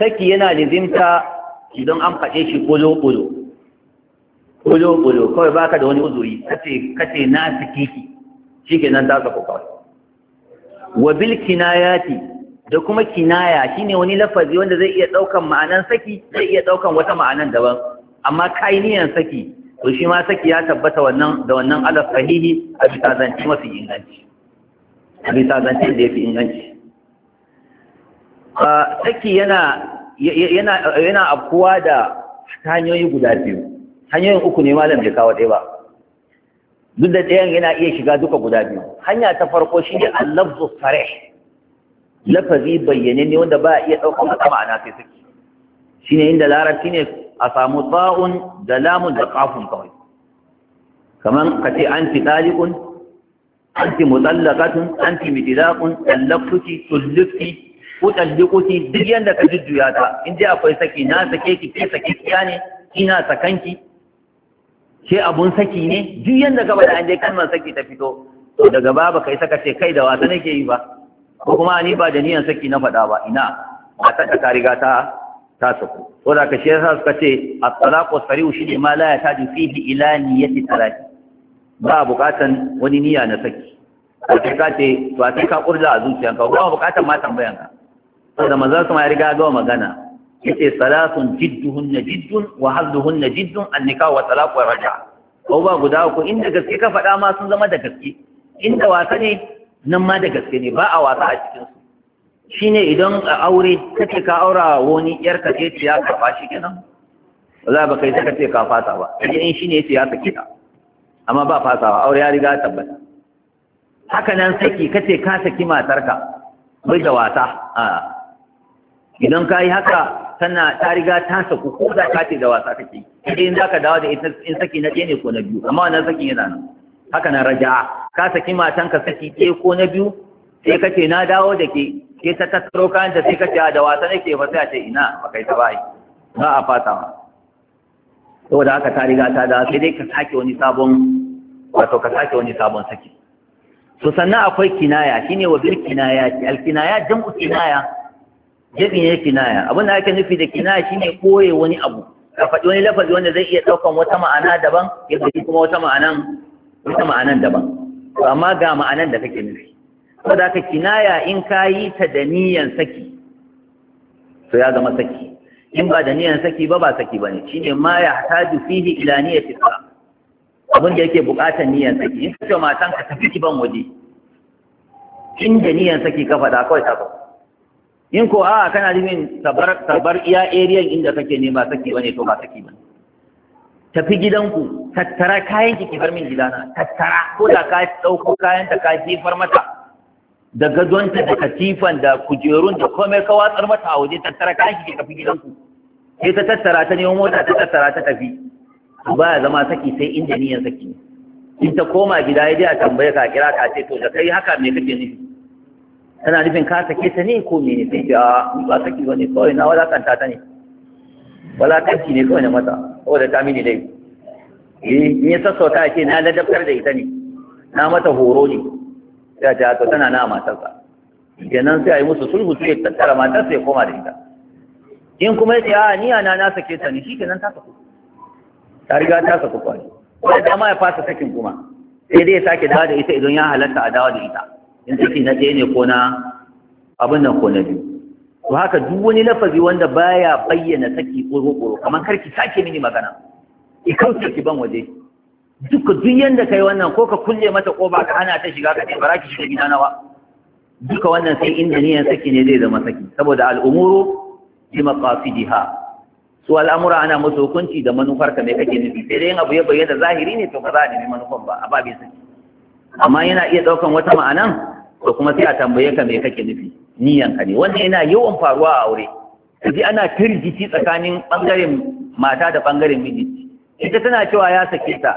saki yana lizinta idan an faɗe shi ƙulo-ƙulo ƙulo-ƙulo kawai baka da wani uzuri kace na siki ki nan ta sako kawai wa bil kinayati da kuma kinaya shine wani lafazi wanda zai iya daukan ma'anan saki zai iya daukan wata ma'anan daban amma kainiyan saki to shi ma saki ya tabbata wannan da wannan alaf sahihi a bisa zance mafi inganci a bisa zance da fi inganci saki yana yana yana afkuwa da hanyoyi guda biyu hanyoyin uku ne malam bai kawo ɗaya ba duk da ɗayan yana iya shiga duka guda biyu hanya ta farko shi ne allafzu sarih lafazi bayyane ne wanda ba a iya ɗaukar wata ma'ana sai suke shi ne inda larabci ne a samu tsa'un da lamun da kafun kawai kamar ka ce an fi ɗalikun an fi an fi mitilakun tsallakuki tullufi ko tsallikuki duk yadda ka jujjuya ta in dai akwai saki na sake ki ke sake ya ne ina sakanki shi abun saki ne duk yanda gaba da an je kalmar saki ta fito to daga baba kai saka ce kai da wasa nake yi ba ko kuma ni ba da niyan saki na faɗa ba ina a ta ta riga ta ta saku ko da ka shi yasa suka ce at-talaqu sari'u shi ne ma la tadu fihi ila niyyati talaqi ba buƙatan wani niyya na saki ko ka ce to a sai ka kurda a zuciyanka ba buƙatan ma tambayanka da manzon sama ya riga ga magana yace salatun na jiddun wa na jiddun annika wa talaq wa raja ko ba guda ku inda gaske ka faɗa ma sun zama da gaske inda wasa ne nan ma da gaske ne ba a wasa a cikin su shine idan a aure kace ka aura wani yar ka ce ya karba shi kenan wala ba kai saka ce ka fasa ba sai in shine yace ya saki ka amma ba fasawa aure ya riga tabbata haka nan saki kace ka saki matarka bai da wasa a idan ka yi haka tana ta riga ta saku ko da ka ce da wasa kake Idan in zaka dawo da ita in saki na ɗaya ne ko na biyu amma wannan sakin yana nan haka na raja ka saki matan ka saki ɗaya ko na biyu sai ka ce na dawo da ke ke ta tattaro kayan da sai ka ce a da wasa nake ba sai a ce ina ba kai ta bai ba a fata ma saboda haka ta riga ta dawo sai dai ka sake wani sabon wato ka sake wani sabon saki to sannan akwai kinaya shine wa bil kinaya al kinaya jam'u kinaya Jirgin ne kinaya abin da ake nufi da kinaya shine koye wani abu ka faɗi wani lafazi wanda zai iya ɗaukan wata ma'ana daban ya faɗi kuma wata ma'anan wata ma'anan daban amma ga ma'anan da kake nufi saboda haka kinaya in ka yi ta da niyan saki to ya zama saki in ba da niyan saki ba ba saki bane shine ma ya hataju fihi ila niyyati sa abin da yake buƙatar niyan saki in ka ce matan ka tafi ban waje in da niyan saki ka faɗa kawai ta faɗa in ko a kana nufin tabar iya area inda kake nema saki bane to ba saki ba tafi gidanku tattara kayan ki kifar min gidana tattara ko da ka dauko kayan ta ka jefar mata da gadonta da katifan da kujerun da komai ka watsar mata a waje tattara kayan ki tafi gidanku sai ta tattara ta nemo mota ta tattara ta tafi ba ya zama saki sai inda niyan saki in ta koma gida ya je a tambaye ka kira ka ce to da kai haka me kake nufi tana nufin ka sake ta ne ko mene sai ta ba saki ba ne kawai na walakanta ta ne walakanci ne kawai na mata saboda ta mini dai eh, in ya sassauta ce na ladabtar da ita ne na mata horo ne ya ta to tana na matarsa kenan sai a yi musu sulhu sai ta tara matarsa ya koma da ita in kuma ya ce a ni ana na sake ta ne shi kenan ta saku ta riga ta saku kwari wanda dama ya fasa sakin kuma sai dai ya sake dawo da ita idan ya halatta a dawo da ita in saki na ɗaya ne ko na abin nan ko na biyu to haka duk wani lafazi wanda baya bayyana saki ƙoro-ƙoro kamar karki sake mini magana kauce ki ban waje duka duk yanda kai wannan ko ka kulle mata ƙofa ka hana ta shiga ka ce ba ki shiga gida nawa duka wannan sai inda niyan saki ne zai zama saki saboda al'umuru bi maqasidiha su al'amura ana musu hukunci da manufar ka mai kake nufi sai dai yin abu ya bayyana zahiri ne to ba za a nemi manufan ba a ba bai saki amma yana iya ɗaukan wata ma'anan ko kuma sai a tambaye ka me kake nufi niyan ka ne wannan yana yawan faruwa a aure kaji ana firgici tsakanin bangaren mata da bangaren miji ita tana cewa ya sake ta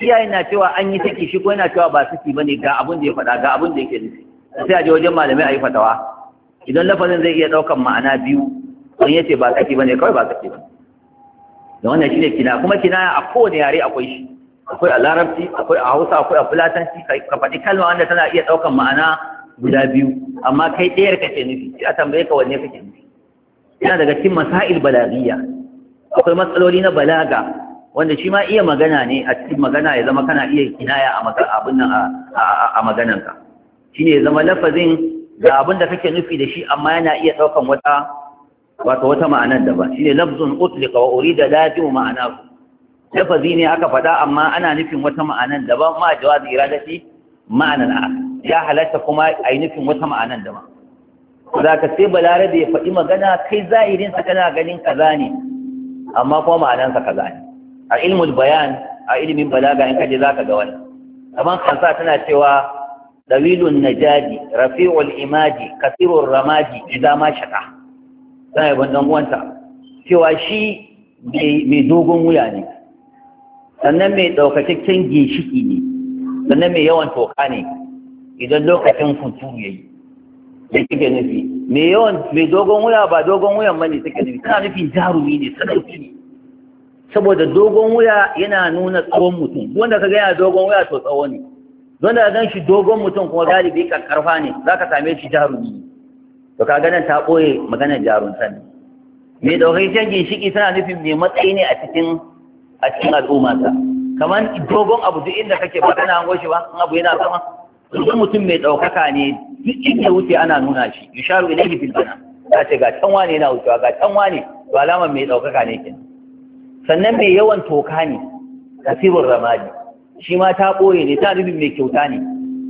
iyaye na cewa an yi saki shi ko yana cewa ba saki bane ga abin da ya faɗa ga abin da yake nufi sai a je wajen malamai a yi fatawa idan lafazin zai iya daukan ma'ana biyu wani yace ba saki bane kawai ba saki ba. da wannan shine kina kuma kina a kowane yare akwai shi akwai a larabci akwai a hausa akwai a fulatanci ka faɗi kalma wanda tana iya ɗaukan ma'ana guda biyu amma kai ɗayar kake nufi sai a tambaye ka wanne kake nufi yana daga cikin masail balagiyya akwai matsaloli na balaga wanda shi ma iya magana ne a cikin magana ya zama kana iya kinaya a abin nan a magananka shine ya zama lafazin ga abin da kake nufi da shi amma yana iya ɗaukan wata wato wata ma'anar daban shine lafzun utliqa wa urida lazimu ma'anahu lafazi ne aka faɗa amma ana nufin wata ma'anan daban ma jawaz iradati ma'anan a ya halatta kuma a yi nufin wata ma'anan daban za ka sai balarabe ya faɗi magana kai zahirinsa kana ganin kaza ne amma kuma ma'anansa kaza ne a ilmul bayan a ilimin balaga in kaje za ka ga wani amma kansa tana cewa dawilun najadi rafi'ul imadi kasirul ramadi idan ma shaka sai ban dan uwanta cewa shi mai dogon wuya ne sannan mai ɗaukakakken ginshiki ne sannan mai yawan toka ne idan lokacin hunturu ya yi da kike nufi mai yawan mai dogon wuya ba dogon wuyan ba ne take nufi tana nufin jarumi ne sadauki ne saboda dogon wuya yana nuna tsawon mutum wanda ka gaya dogon wuya to tsawo ne wanda ka gan shi dogon mutum kuma galibi karfa ne za ka same shi jarumi ne to ka ganin ta ɓoye maganar jarumta ne mai ɗaukakakken ginshiki tana nufin mai matsayi ne a cikin a cikin al'umma ta kamar dogon abu duk inda kake ba kana hango shi ba in abu yana sama duk mutum mai ɗaukaka ne duk inda wuce ana nuna shi yusharu ilaihi bil bana ta ce ga can wane yana wucewa ga can wane to alamar mai ɗaukaka ne kenan sannan mai yawan toka ne kasirun ramadi shi ma ta ɓoye ne ta rubin mai kyauta ne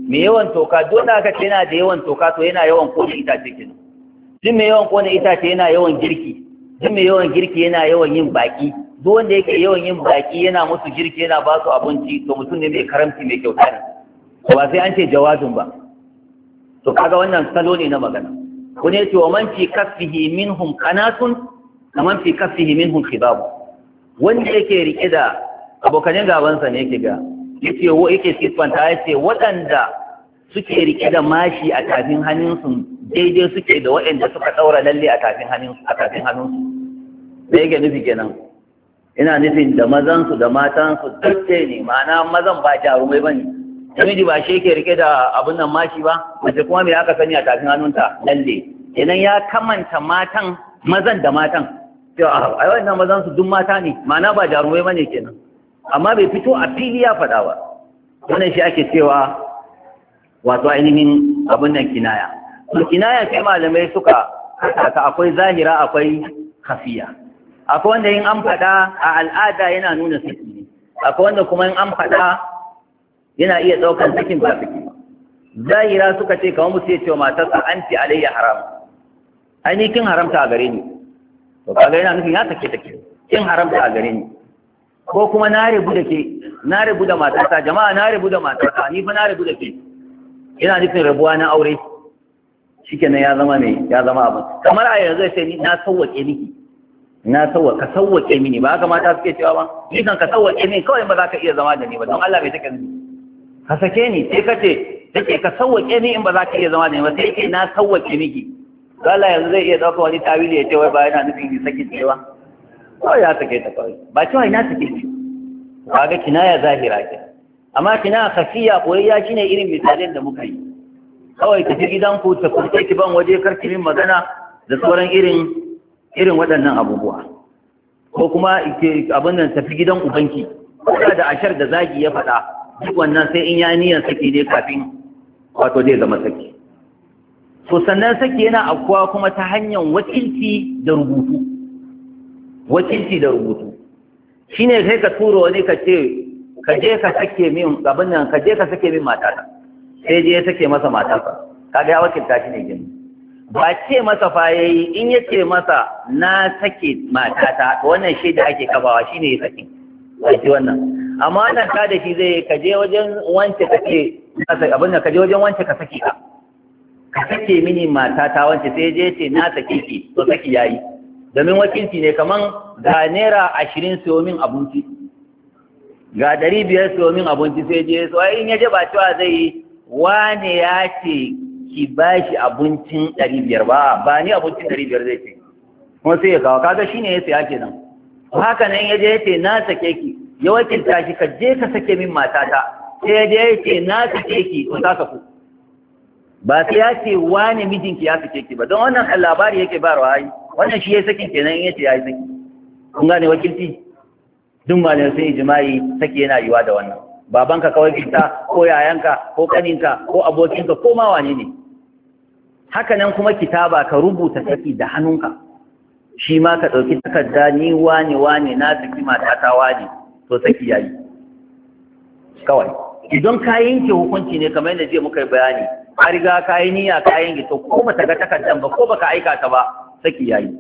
mai yawan toka dole aka ce yana da yawan toka to yana yawan kone itace kenan duk mai yawan kone itace yana yawan girki duk mai yawan girki yana yawan yin baki duk wanda yake yawan yin baki yana musu girki yana ba su abinci to mutum ne mai karamci mai kyauta ne ba sai an ce jawazin ba to kaga wannan salo ne na magana ku ne to man fi kaffihi minhum qanatun wa man fi kaffihi minhum khibab wanda yake rike da abokanin gabansa ne yake ga Yake wo yake sifanta yace waɗanda suke rike da mashi a tafin hannunsu daidai suke da waɗanda suka ɗaura lalle a tafin hannunsu a tafin hannunsu da yake nufi kenan ina nufin da mazansu da matansu duk ne ma'ana mazan ba jarumai ba ne namiji ba shi yake rike da abin nan mashi ba mace kuma me aka sani a tafin hannunta lalle idan ya kamanta matan mazan da matan cewa ah, ai wannan mazan su duk mata ne ma'ana ba jarumai ba ne kenan amma bai fito a fili ya faɗa ba wannan shi ake cewa wato ainihin abin nan kinaya kinaya sai malamai suka akwai zahira akwai kafiya akwai wanda yin an faɗa a al'ada yana nuna siki akwai wanda kuma yin an faɗa yana iya ɗaukan cikin ba saki zahira suka ce kamar musu ya ce wa matarsa an fi alayya haram ainihin kin haramta a gare ni to kaga yana nufin ya sake take kin haramta a gare ni ko kuma na rabu da ke na rabu da matarsa jama'a na rabu da matarsa ni fa na rabu da ke Yana nufin rabuwa na aure shikenan ya zama ne ya zama abu kamar a yanzu sai ni na sauwake miki na sawa ka ke mini ba haka mata suke cewa ba ni ka sawwake mini kawai ba za ka iya zama da ni ba don Allah bai take ka sake ni sai ka ce take ka ke ni in ba za ka iya zama da ni ba sai ke na sawwake miki to Allah yanzu zai iya dauka wani tawili ya ce wai ba yana nufin ni sake cewa kawai ya sake ta kawai ba cewa ina sake ki ba ga kinaya zahira ke amma kinaya khafiya ya shine irin misalin da muka yi kawai gidan gidanku ta kurce ki ban waje kar ki min magana da sauran irin irin waɗannan abubuwa ko kuma abin nan tafi gidan ubanki Kuma da ashar da zagi ya faɗa duk wannan sai in ya niyan saki ne kafin wato zai zama saki so sannan saki yana afkuwa kuma ta hanyar wakilci da rubutu wakilci da rubutu shine kai ka tura wani ka ce ka je ka sake min abin nan ka je ka sake min matata sai je ya sake masa matata ga ya wakilta shi ne gini ba ce masa fa in ya ce masa na sake matata to wannan da ake kabawa shine ya sake ba ce wannan amma wannan ta da shi zai kaje wajen wance ka ce abin da kaje wajen wance ka sake ka ka sake mini matata wance sai je ce na sake ki to sake yayi domin wakilci ne kaman ga naira ashirin siyo min abinci ga ɗari biyar siyo min abinci sai je so in ya je ba cewa zai yi wane ya ce ki ba shi abincin ɗari biyar ba ba ni abincin ɗari biyar zai ce kuma sai ya kawo kaga shine ya saya kenan haka nan ya je ya ce na sake ki ya wakilta shi ka je ka sake min matata sai ya je ya ce na sake ki ko saka ku ba sai ya ce wane mijinki ya sake ki ba don wannan labari yake ba rawayi wannan shi ya saki kenan ya ce ya yi saki kun gane wakilci duk malamai sun ijimai saki yana yiwa da wannan babanka kawai kinta ko yayanka ko kaninka ko abokinka ko ma wane ne haka nan kuma kitaba ka rubuta saki da hannunka shi ma ka ɗauki takarda ni wane wane na saki matata wane to saki ya yi kawai idan ka yanke hukunci ne kamar yadda jiya muka yi bayani har riga ka yi niyya ka yanke to ko ba ta ga takardan ba ko ba ka aika ta ba saki ya yi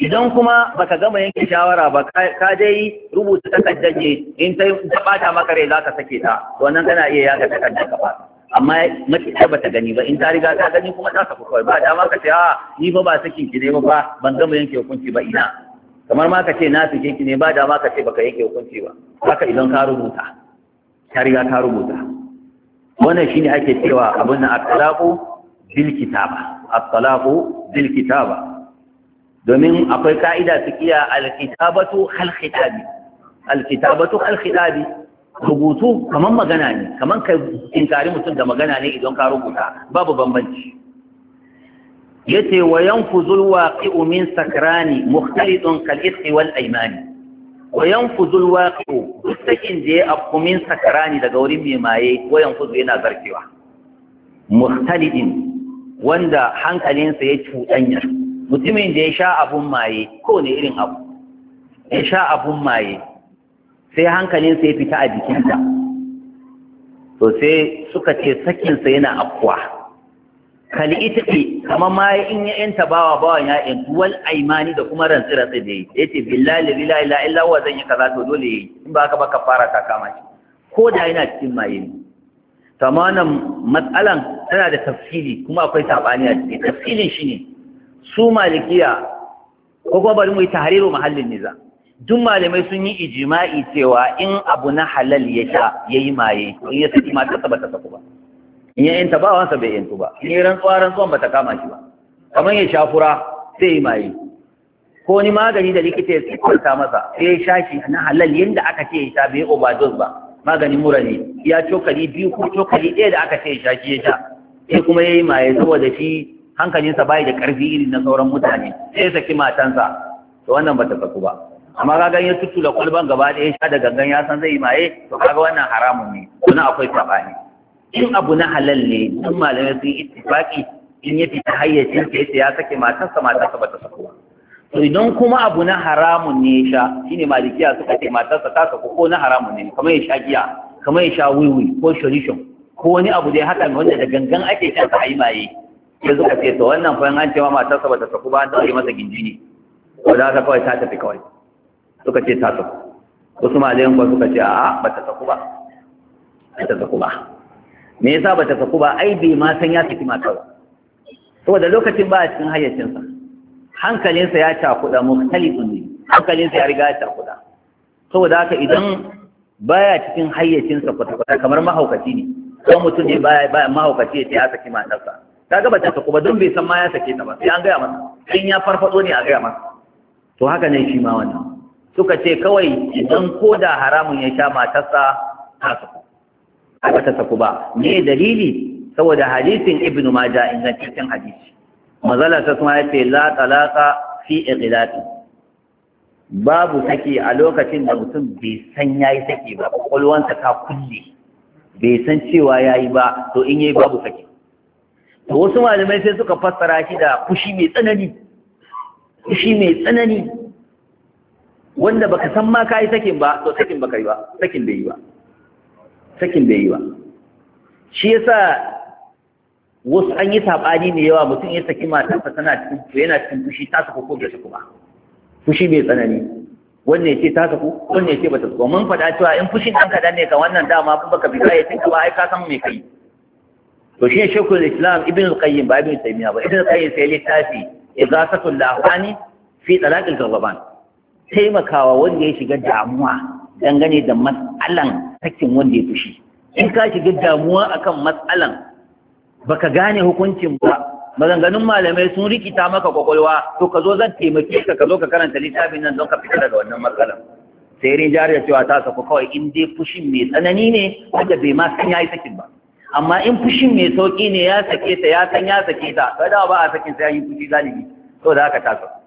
idan kuma ba ka gama yanke shawara ba ka dai rubuta takardar ne in ta ɓata maka rai za ka sake ta wannan kana iya yaka takardar ka ba amma mace ba ta gani ba in ta riga ta gani kuma ta tafi kawai ba dama ka ce a ni fa ba sakin ki ne ba ban gama yanke hukunci ba ina kamar ma ka ce na sake ki ne ba dama ka ce baka yanke hukunci ba haka idan ka rubuta ta riga ta rubuta wannan shine ake cewa abin nan at-talaqu bil kitaba at-talaqu bil kitaba domin akwai ka'ida fiqiya al-kitabatu hal khitabi al-kitabatu al khitabi rubutu kamar magana ne kamar ka inkari mutum da magana ne idan ka rubuta babu bambanci yace wa yanfuzul waqi'u min sakrani mukhtalidun kal isqi wal aymani wa yanfuzul waqi'u dukkan da ya afku min sakrani daga wurin mai maye wa yanfuzu yana zarkewa mukhtalidin wanda hankalinsa ya cuɗanya mutumin da ya sha abun maye ko ne irin abu ya sha abun maye sai hankalin sai fita a jikinsa to sai suka ce sakinsa yana afkuwa kali ita ce kamar ma in ya yanta bawa bawan ya yanta wal aimani da kuma rantsi rantsi da yi ya ce billahi la ilaha illa huwa zan yi kaza to dole yi in ba haka ba ka fara ta kama shi ko da yana cikin maye ne to amma wannan matsalan tana da tafsiri kuma akwai sabani a cikin tafsirin shine su malikiya ko kuma bari mu yi tahriru mahallin niza duk malamai sun yi ijima'i cewa in abu na halal ya sha ya yi maye in ya saki mata ta ta saku ba in ya yanta ba wansa bai yantu ba in ya rantsuwa rantsuwan ta kama shi ba kamar ya sha fura sai yi maye ko ni magani da likita ya siffanta masa sai ya sha shi na halal yadda aka ce ya sha bai yi overdose ba maganin mura ne ya cokali biyu ko cokali ɗaya da aka ce ya sha shi ya sha sai kuma ya yi maye saboda shi hankalinsa bai da ƙarfi irin na sauran mutane sai ya saki matansa to wannan ba ta saku ba amma kaga ya da kwalban gaba ɗaya sha da gangan ya san zai yi maye to kaga wannan haramun ne kuma akwai sabani in abu na halal ne in malamai sun yi ittifaqi in ya fita hayyacin ta yace ya sake matarsa matarsa bata sako to idan kuma abu na haramun ne sha shine malikiya suka ce matarsa ta sako ko na haramun ne kamar ya sha giya kamar ya sha wiwi ko solution ko wani abu dai haka wanda da gangan ake shan sa yi maye sai suka ce to wannan fa an ce ma matarsa bata sako ba an ta masa ginjini ko da haka kawai ta tafi kawai suka ce ta tafi wasu malayan kuwa suka ce a'a ba ta tafi ba ba ta tafi ba me yasa ba ta tafi ba ai bai ma san ya tafi mata ba saboda lokacin ba a cikin hayyacinsa hankalinsa ya cakuɗa mukhtalifun ne hankalinsa ya riga ya cakuɗa saboda haka idan baya cikin hayyacinsa kwata-kwata kamar mahaukaci ne ko mutum ne baya baya mahaukaci ya ce ya saki matarsa ta gaba ta saku ba don bai san ma ya sake ta ba sai an gaya masa in ya farfado ne a gaya masa to haka ne shi ma wannan suka ce kawai idan ko da haramun ya sha matarsa ta saku ba ta saku ba me dalili saboda hadisin ibnu maja ingantaccen hadisi mazala ta kuma yace la talaka fi iqlati babu saki a lokacin da mutum bai san yayi saki ba kwakwalwansa ta kulle bai san cewa yayi ba to in yayi babu saki to wasu malamai sai suka fassara shi da fushi mai tsanani fushi mai tsanani wanda baka san ma kai sakin ba to sakin baka yi ba sakin bai yi ba sakin bai yi ba shi yasa wasu an yi sabani ne yawa mutum ya saki fa tana cikin to yana cikin fushi ta saku ko bai saku ba fushi mai tsanani wanne ya ce ta saku wanne ya ce ba ta saku mun faɗa cewa in fushin ɗan kaɗan ne ka wannan dama kun baka bi kai tinka ba ai ka san me kai to shi ne shekul islam ibn al-qayyim ba ibn taymiya ba ibn al-qayyim sai littafi satul lahani fi talaqil ghadban taimakawa wanda ya shiga damuwa dangane da matsalan sakin wanda ya fushi in ka shiga damuwa akan matsalan baka gane hukuncin ba maganganun malamai sun rikita maka kwakwalwa to ka zo zan taimake ka ka zo ka karanta littafin nan don ka fita daga wannan matsalan sai rin jariya cewa ta sako kawai in dai fushin mai tsanani ne wanda bai ma san yayi sakin ba amma in fushin mai sauki ne ya sake ta ya san ya sake ta kada ba a sakin sai yi fushi zalibi to da haka ta sako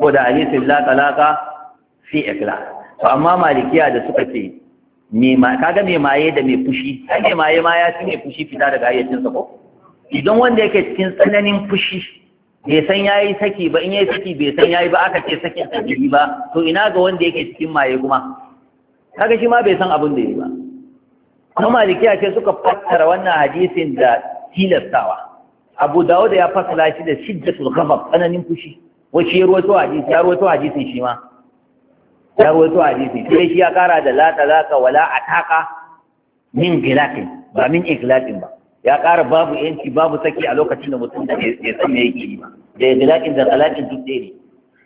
ko da hadisin la talaka fi ikla to amma malikiya da suka ce me ma kaga me maye da me fushi ai me maye ma ya ci me fushi fita daga hayyacin sa ko idan wanda yake cikin tsananin fushi bai san yayi saki ba in yayi saki bai san yayi ba aka ce sakin sa bai ba to ina ga wanda yake cikin maye kuma kaga shi ma bai san abin da yi ba kuma malikiya ce suka fassara wannan hadisin da tilastawa abu dawud ya fassara shi da shiddatul ghadab tsananin fushi shi ruwa to hadisi ya to hadisin shi ma ya to hadisi sai shi ya kara da la talaka wala ataka min gilatin ba min iklatin ba ya kara babu yanci babu saki a lokacin da mutum da ya san me yake yi ba da gilatin da galatin duk dai ne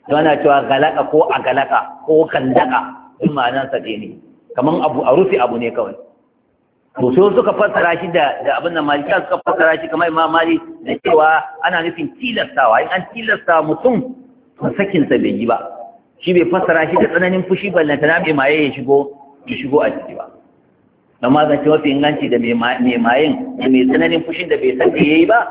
to ana cewa galaka ko a galaka ko kandaka duk ma'anar sa ne kaman abu a rufe abu ne kawai to sai suka fassara shi da da abin mali, malikiya suka fassara shi kamar imam mali da cewa ana nufin tilastawa in an tilasta mutum to sakin sa bai yi ba shi bai fassara shi da tsananin fushi ballanta na mai maye ya shigo ya shigo a ciki ba don magance mafi inganci da mai mayin da mai tsananin fushin da bai san da yayi ba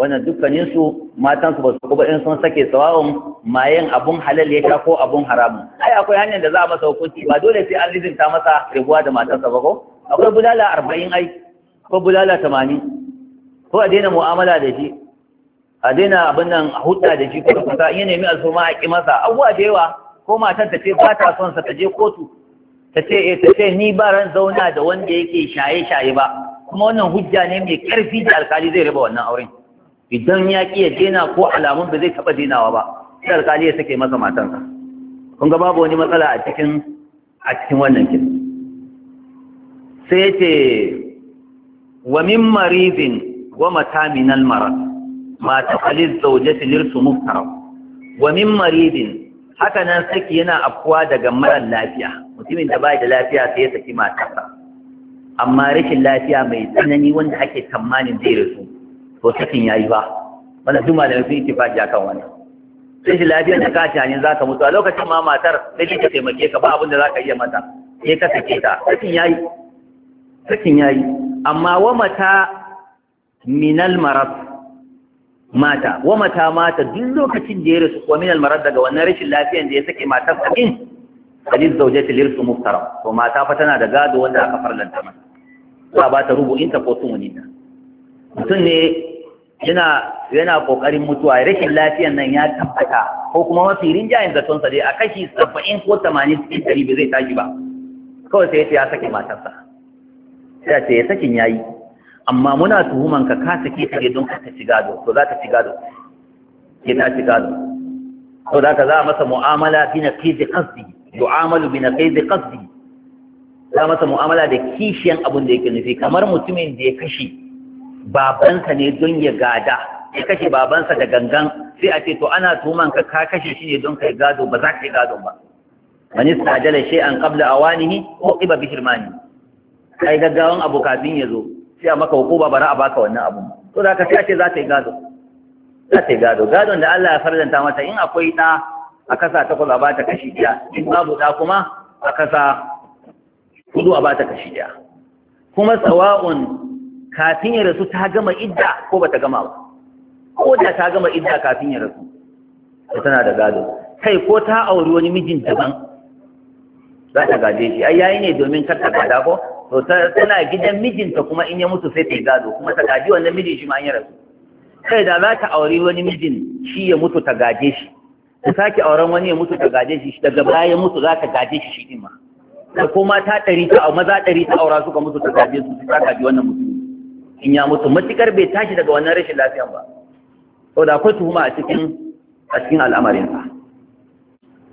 wannan dukkanin su matan su ba su kuma in sun sake tsawon mayin abun halal ya sha ko abun haramun ai akwai hanyar da za a masa hukunci ba dole sai an rizinta masa rabuwa da matansa ba ko akwai bulala arba'in ai ko bulala tamanin ko a daina mu'amala da shi a daina abin nan hudda da shi ko da kusa iya nemi alfuma a ƙi masa abubuwa da yawa ko matar ta ce ba ta son sa ta je kotu ta ce eh ta ce ni ba ran zauna da wanda yake shaye shaye ba kuma wannan hujja ne mai karfi da alkali zai raba wannan auren idan ya ƙi ya daina ko alamun ba zai taba dainawa ba sai alkali ya sake masa matansa kun ga babu wani matsala a cikin a cikin wannan kin sai ce wa min maridin wa mata minal marad ma taqaliz zawjati lirsu muftara wa min maridin haka nan saki yana afkuwa daga marar lafiya mutumin da bai da lafiya sai ya saki matarsa amma rashin lafiya mai tsanani wanda ake tsammanin zai rasu to sakin yayi ba wannan duk malamai sun fashi akan wannan rashin lafiya da ka za ka mutu a lokacin ma matar da ke taimake ka ba abin da ka iya mata sai ka sake ta sakin yayi sakin yayi amma wa mata minal marad mata wa mata mata duk lokacin da ya rasu wa minal marad daga wannan rashin lafiyan da ya sake matar sakin hadis zaujati lirsu muftara to mata fa tana da gado wanda aka farlanta mata za ba ta rubu ta ko wanita. mutum ne yana yana kokarin mutuwa rashin lafiyan nan ya tabbata ko kuma mafi rinjayen zaton sa dai a kashi 70 ko 80 cikin 100 bai zai tashi ba kawai sai ya sake matarsa sai ce ya sakin yayi amma muna tuhuman ka ka saki ta don ka ta gado to za ta ci gado ke ta ci gado to za ka za a masa mu'amala bi kaidi qasdi yu'amalu bi kaidi qasdi za masa mu'amala da kishiyan abun da yake nufi kamar mutumin da ya kashi. babansa ne don ya gada ya kashe babansa da gangan sai a ce to ana tuhuman ka ka kashe shi ne don kai gado ba za ka yi gado ba man istajala shay'an qabla awanihi uqiba bi hirmani kai gaggawan abu kafin ya zo sai a maka hukuma bara a baka wannan abu to da ka sai ce za ta yi gado za ta yi gado gadon da Allah ya farzanta mata in akwai ɗa a kasa takwas a ta kashi ɗaya in babu ɗa kuma a kasa hudu a ta kashi ɗaya kuma Sawa'un kafin ya rasu ta gama idda ko bata gama ba ko da ta gama idda kafin ya rasu tana da gado kai ko ta auri wani mijin daban za ta gaje shi ai yayi ne domin kar ta gada ko to tana gidan mijinta kuma in ya mutu sai ta gado kuma ta gaji wannan mijin shi ma an yi rasu kai da za ta auri wani mijin shi ya mutu ta gaje shi ta sake auren wani ya mutu ta gaje shi daga baya ya mutu za ta gaje shi shi din ma ta ko mata ɗari ta maza ɗari ta aura suka mutu ta gaje su ta gaji wannan mutum in ya mutu matuƙar bai tashi daga wannan rashin lafiyan ba da akwai tuhuma a cikin a cikin al'amarin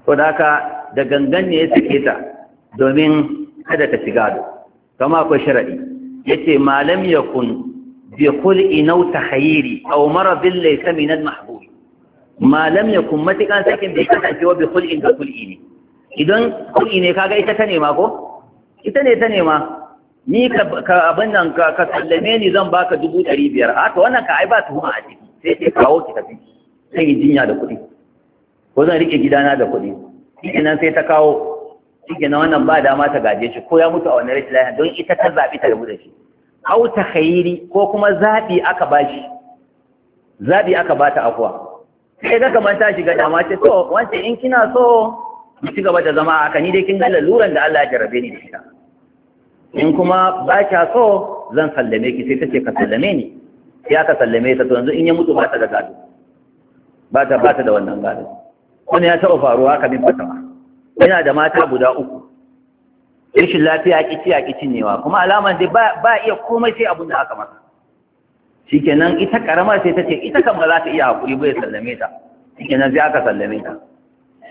sa da haka da gangan ne ya sake ta domin kada ta shiga gado kama akwai sharadi yace malam yakun bi khulqi naw tahayyiri aw maradin laysa min al mahbub malam yakun matikan sakin bai kasance wa bi in da Kul'i ne idan Kul'i ne kaga ita ta nema ko ita ne ta nema ni ka abin nan ka sallame ni zan baka dubu ɗari biyar a to wannan ka ai ba tuhuma a ciki sai ce kawo ki tafi sai yi jinya da kuɗi ko zan rike gidana da kuɗi shi sai ta kawo shi na wannan ba dama ta gaje shi ko ya mutu a wani rashin lahiya don ita ta zaɓi ta rabu da shi au ta khairi ko kuma zaɓi aka ba shi zaɓi aka ba ta afuwa sai ga kamar ta shiga dama ce to wancan in kina so ki ci gaba da zama haka ni dai kin ga laluran da Allah ya jarabe ni da shi in kuma ba kya so zan sallame ki sai ta ce ka sallame ni sai aka sallame ta to yanzu in ya mutu ba ta da gado ba ta ba ta da wannan gado wani ya taɓa faruwa haka min fatawa yana da mata guda uku rashin lafiya kici a kici newa kuma alaman dai ba iya komai sai abin da aka masa shikenan ita karamar sai ta ce ita kan ba za ta iya hakuri ba ya sallame ta shikenan sai aka sallame ta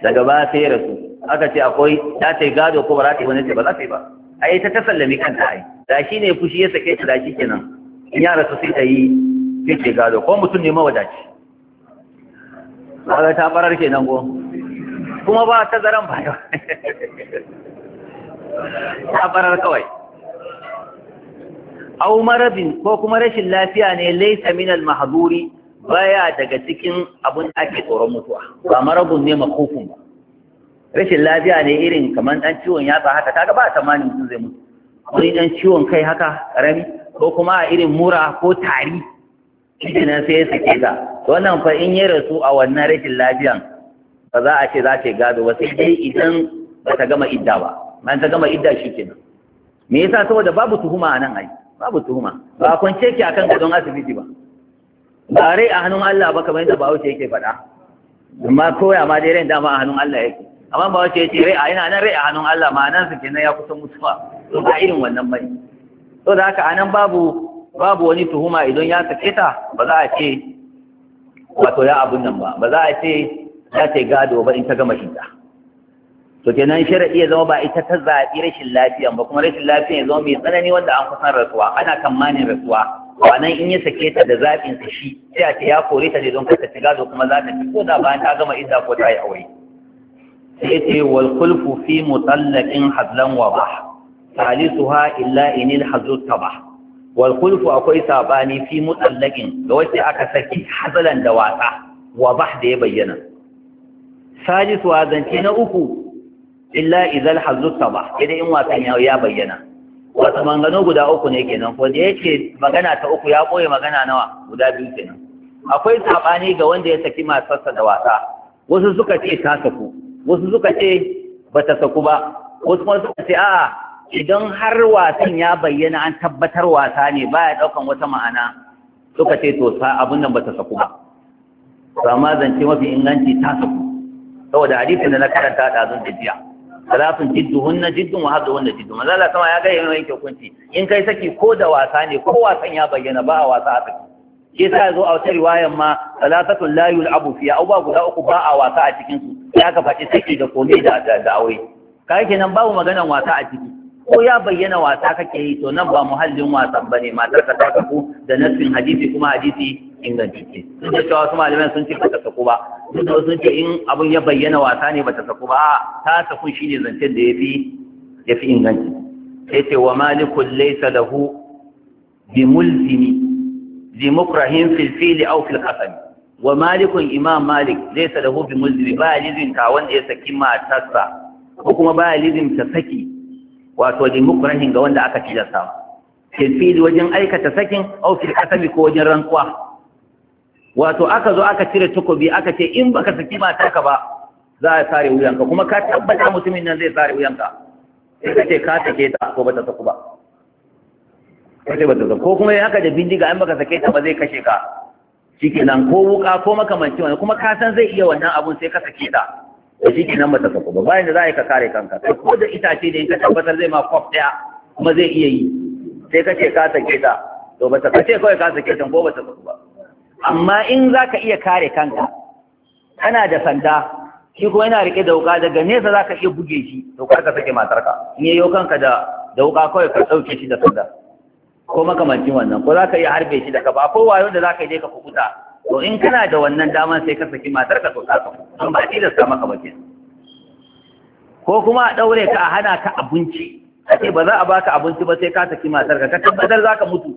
daga ba sai ya rasu aka ce akwai ta ta gado ko ba za ta yi wani ce ba za ta yi ba a ita ta sallame kanta ai da shi ne fushi ya sake ta da shi kenan in yara su sai ta yi sai gado ko mutum ne mawadaci kaga ta farar kenan ko kuma ba ta zaren bayan. yau ta farar kawai au marabin ko kuma rashin lafiya ne laisa min al-mahduri baya daga cikin abun da ake tsoron mutuwa ba marabun ne makofin ba rashin lafiya ne irin kamar dan ciwon yatsa haka kaga ba tamanin mutum zai mutu wani dan ciwon kai haka karami ko kuma a irin mura ko tari shi sai ya sake ta wannan fa in ya rasu a wannan rashin lafiyan ba za a ce za ta gado ba sai dai idan ba ta gama idda ba bayan ta gama idda shi kenan me yasa saboda babu tuhuma a nan ai babu tuhuma ba a kwance ki akan gadon asibiti ba ba rai a hannun Allah ba kamar yadda bawo yake faɗa amma koya ma dai rai dama a hannun Allah yake amma ba wace yace rai a ina nan rai a hannun Allah ma'anar su kenan ya kusa mutuwa to ba irin wannan bane to da haka anan babu babu wani tuhuma idan ya sake ta ba za a ce wato ya abun nan ba ba za a ce za ta yi gado ba in ta gama ta. to kenan shari'i zama ba ita ta zaɓi rashin lafiya ba kuma rashin lafiya ya zama mai tsanani wanda an kusan rasuwa ana kamanin rasuwa nan in ya sake ta da zaɓin sa shi sai a ce ya kore ta ne don kar ta ci gado kuma za ta ci ko da bayan ta gama idda ko ta yi aure sai ce wal kulfu fi mutallaqin hazlan wa ba salisuha illa inil hazut ba, wal kulfu akwai sabani fi mutallaqin da wacce aka sake hazalan da wasa, wa da ya bayyana salis wa zance na uku illa izal hazzuta ba idan in wasan ya bayyana wato mangano guda uku ne kenan ko da yake magana ta uku ya koye magana nawa guda biyu kenan akwai sabani ga wanda ya saki matarsa da wasa wasu suka ce ta saku wasu suka ce ba ta saku ba wasu kuma suka ce a'a idan har wasan ya bayyana an tabbatar wasa ne baya daukan wata ma'ana suka ce to sa abun nan ta saku ba amma zance mafi inganci ta saku saboda hadisin da na karanta da azun tafiya salatun jidduhunna jiddun wa jiddun manzo Allah sama ya ga yayin yake hukunci in kai saki ko da wasa ne ko wasan ya bayyana ba a wasa a saki shi sa zo a wata riwayan ma salatatun la yul'abu fiya ba guda uku ba a wasa a cikin su ya ka faɗi saki da komai da da aure kai kenan babu maganan wasa a ciki ko ya bayyana wasa kake yi to nan ba muhallin wasan ba ne matar ka ta kafu da nasin hadisi kuma hadisi ingantacce Sun ce cewa wasu malaman sun ce ba ta saku ba duk da sun ce in abun ya bayyana wasa ne ba ta saku ba ta shi shine zancen da yafi yafi inganci sai ce wa malikul laysa lahu bi mulzimi bi mukrahin fil fili aw fil qasam wa malikun imam malik laysa lahu bi mulzimi ba lizin ta wanda ya saki matarsa ko kuma ba lizin ta saki wato lil mukrahin ga wanda aka tilasta fil fili wajen aikata sakin aw fil ko wajen rantsuwa wato aka zo aka cire takobi aka ce in baka saki ka ba za a sare wuyanka kuma ka tabbata mutumin nan zai sare wuyanka sai ka ce ka sake ta ko bata saku ba kace bata saku ko kuma in aka da bindiga in baka sake ta ba zai kashe ka shikenan ko wuka ko makamancin wani kuma ka san zai iya wannan abun sai ka sake ta da shi kenan mata sako ba bayan da za a yi ka kare kanka kai ko da itace da in ka tabbatar zai ma kwaf ɗaya kuma zai iya yi sai ka ce ka sake ta to ba ta kace kawai ka sake ta ko ba ta sako ba amma in za ka iya kare kanka kana da sanda shi kuma yana riƙe da wuka daga nesa za ka iya buge shi to kar ka sake matarka in yayyo kanka da da wuka kawai ka ɗauke shi da sanda ko makamancin wannan ko za ka iya harbe shi da kafa akwai wayo da za ka yi dai ka kukuta to in kana da wannan daman sai ka saki matar ka sauka ka an ba tilasta maka ba ko kuma a daure ka a hana ka abinci a ce ba za a baka abinci ba sai ka saki matar ka ka tabbatar za ka mutu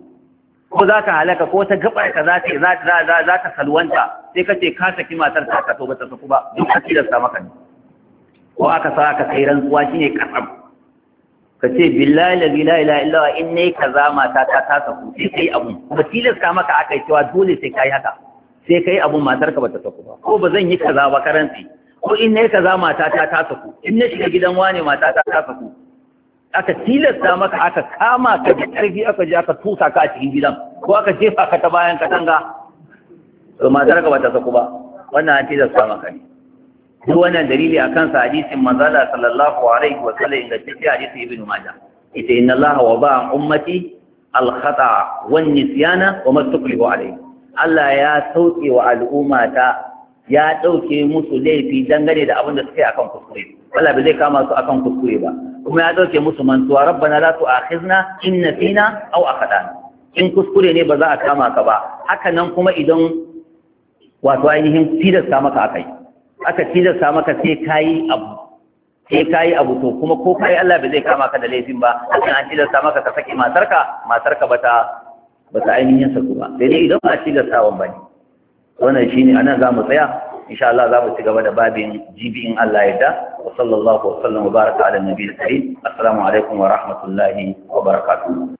ko za ka halaka ko ta gabar ka za ta za ta salwanta sai ka ce ka saki matar ka ka to ba ta saku ba duk a tilasta maka ne ko aka sa ka kai rantsuwa shine kasam ka ce billahi la ilaha illa Allah in ne kaza mata ta ta saku sai kai abu ba tilasta maka aka yi cewa dole sai kai haka sai kai abun matarka ka bata saku ba ko ba zan yi kaza ba karanci ko in ne kaza mata ta ta saku in ne shiga gidan wane mata ta ta saku aka tilasta maka aka kama ka da karfi aka je aka tusa ka a cikin gidan ko aka jefa ka ta bayan ka katanga to matar ka bata saku ba wannan an tilasta maka ne duk wannan dalili akan sa hadisin manzala sallallahu alaihi wa sallam inda take hadisi ibnu majah ita inna allaha wa ba ummati al khata' wan nisyana wa ma tuklihu alaihi Allah ya sauke wa al'umma ta ya ɗauke musu laifi dangane da abin da suka yi akan kuskure wala ba zai kama su akan kuskure ba kuma ya ɗauke musu mantuwa rabbana la tu'akhizna in nasina aw akhtana in kuskure ne ba za a kama ka ba haka nan kuma idan wato ainihin tilasta maka akai aka tilasta maka sai kai abu sai kai abu to kuma ko kai Allah ba zai kama ka da laifin ba sai an tilasta maka ka saki matarka matarka bata ba ta ainihin sa ba sai dai idan ba a ci gasawan ba ne wannan shi ne a nan za mu tsaya insha Allah za mu ci gaba da babin jibi in Allah ya da wa sallallahu wa sallam wa baraka ala nabiyil assalamu alaikum wa rahmatullahi wa barakatuh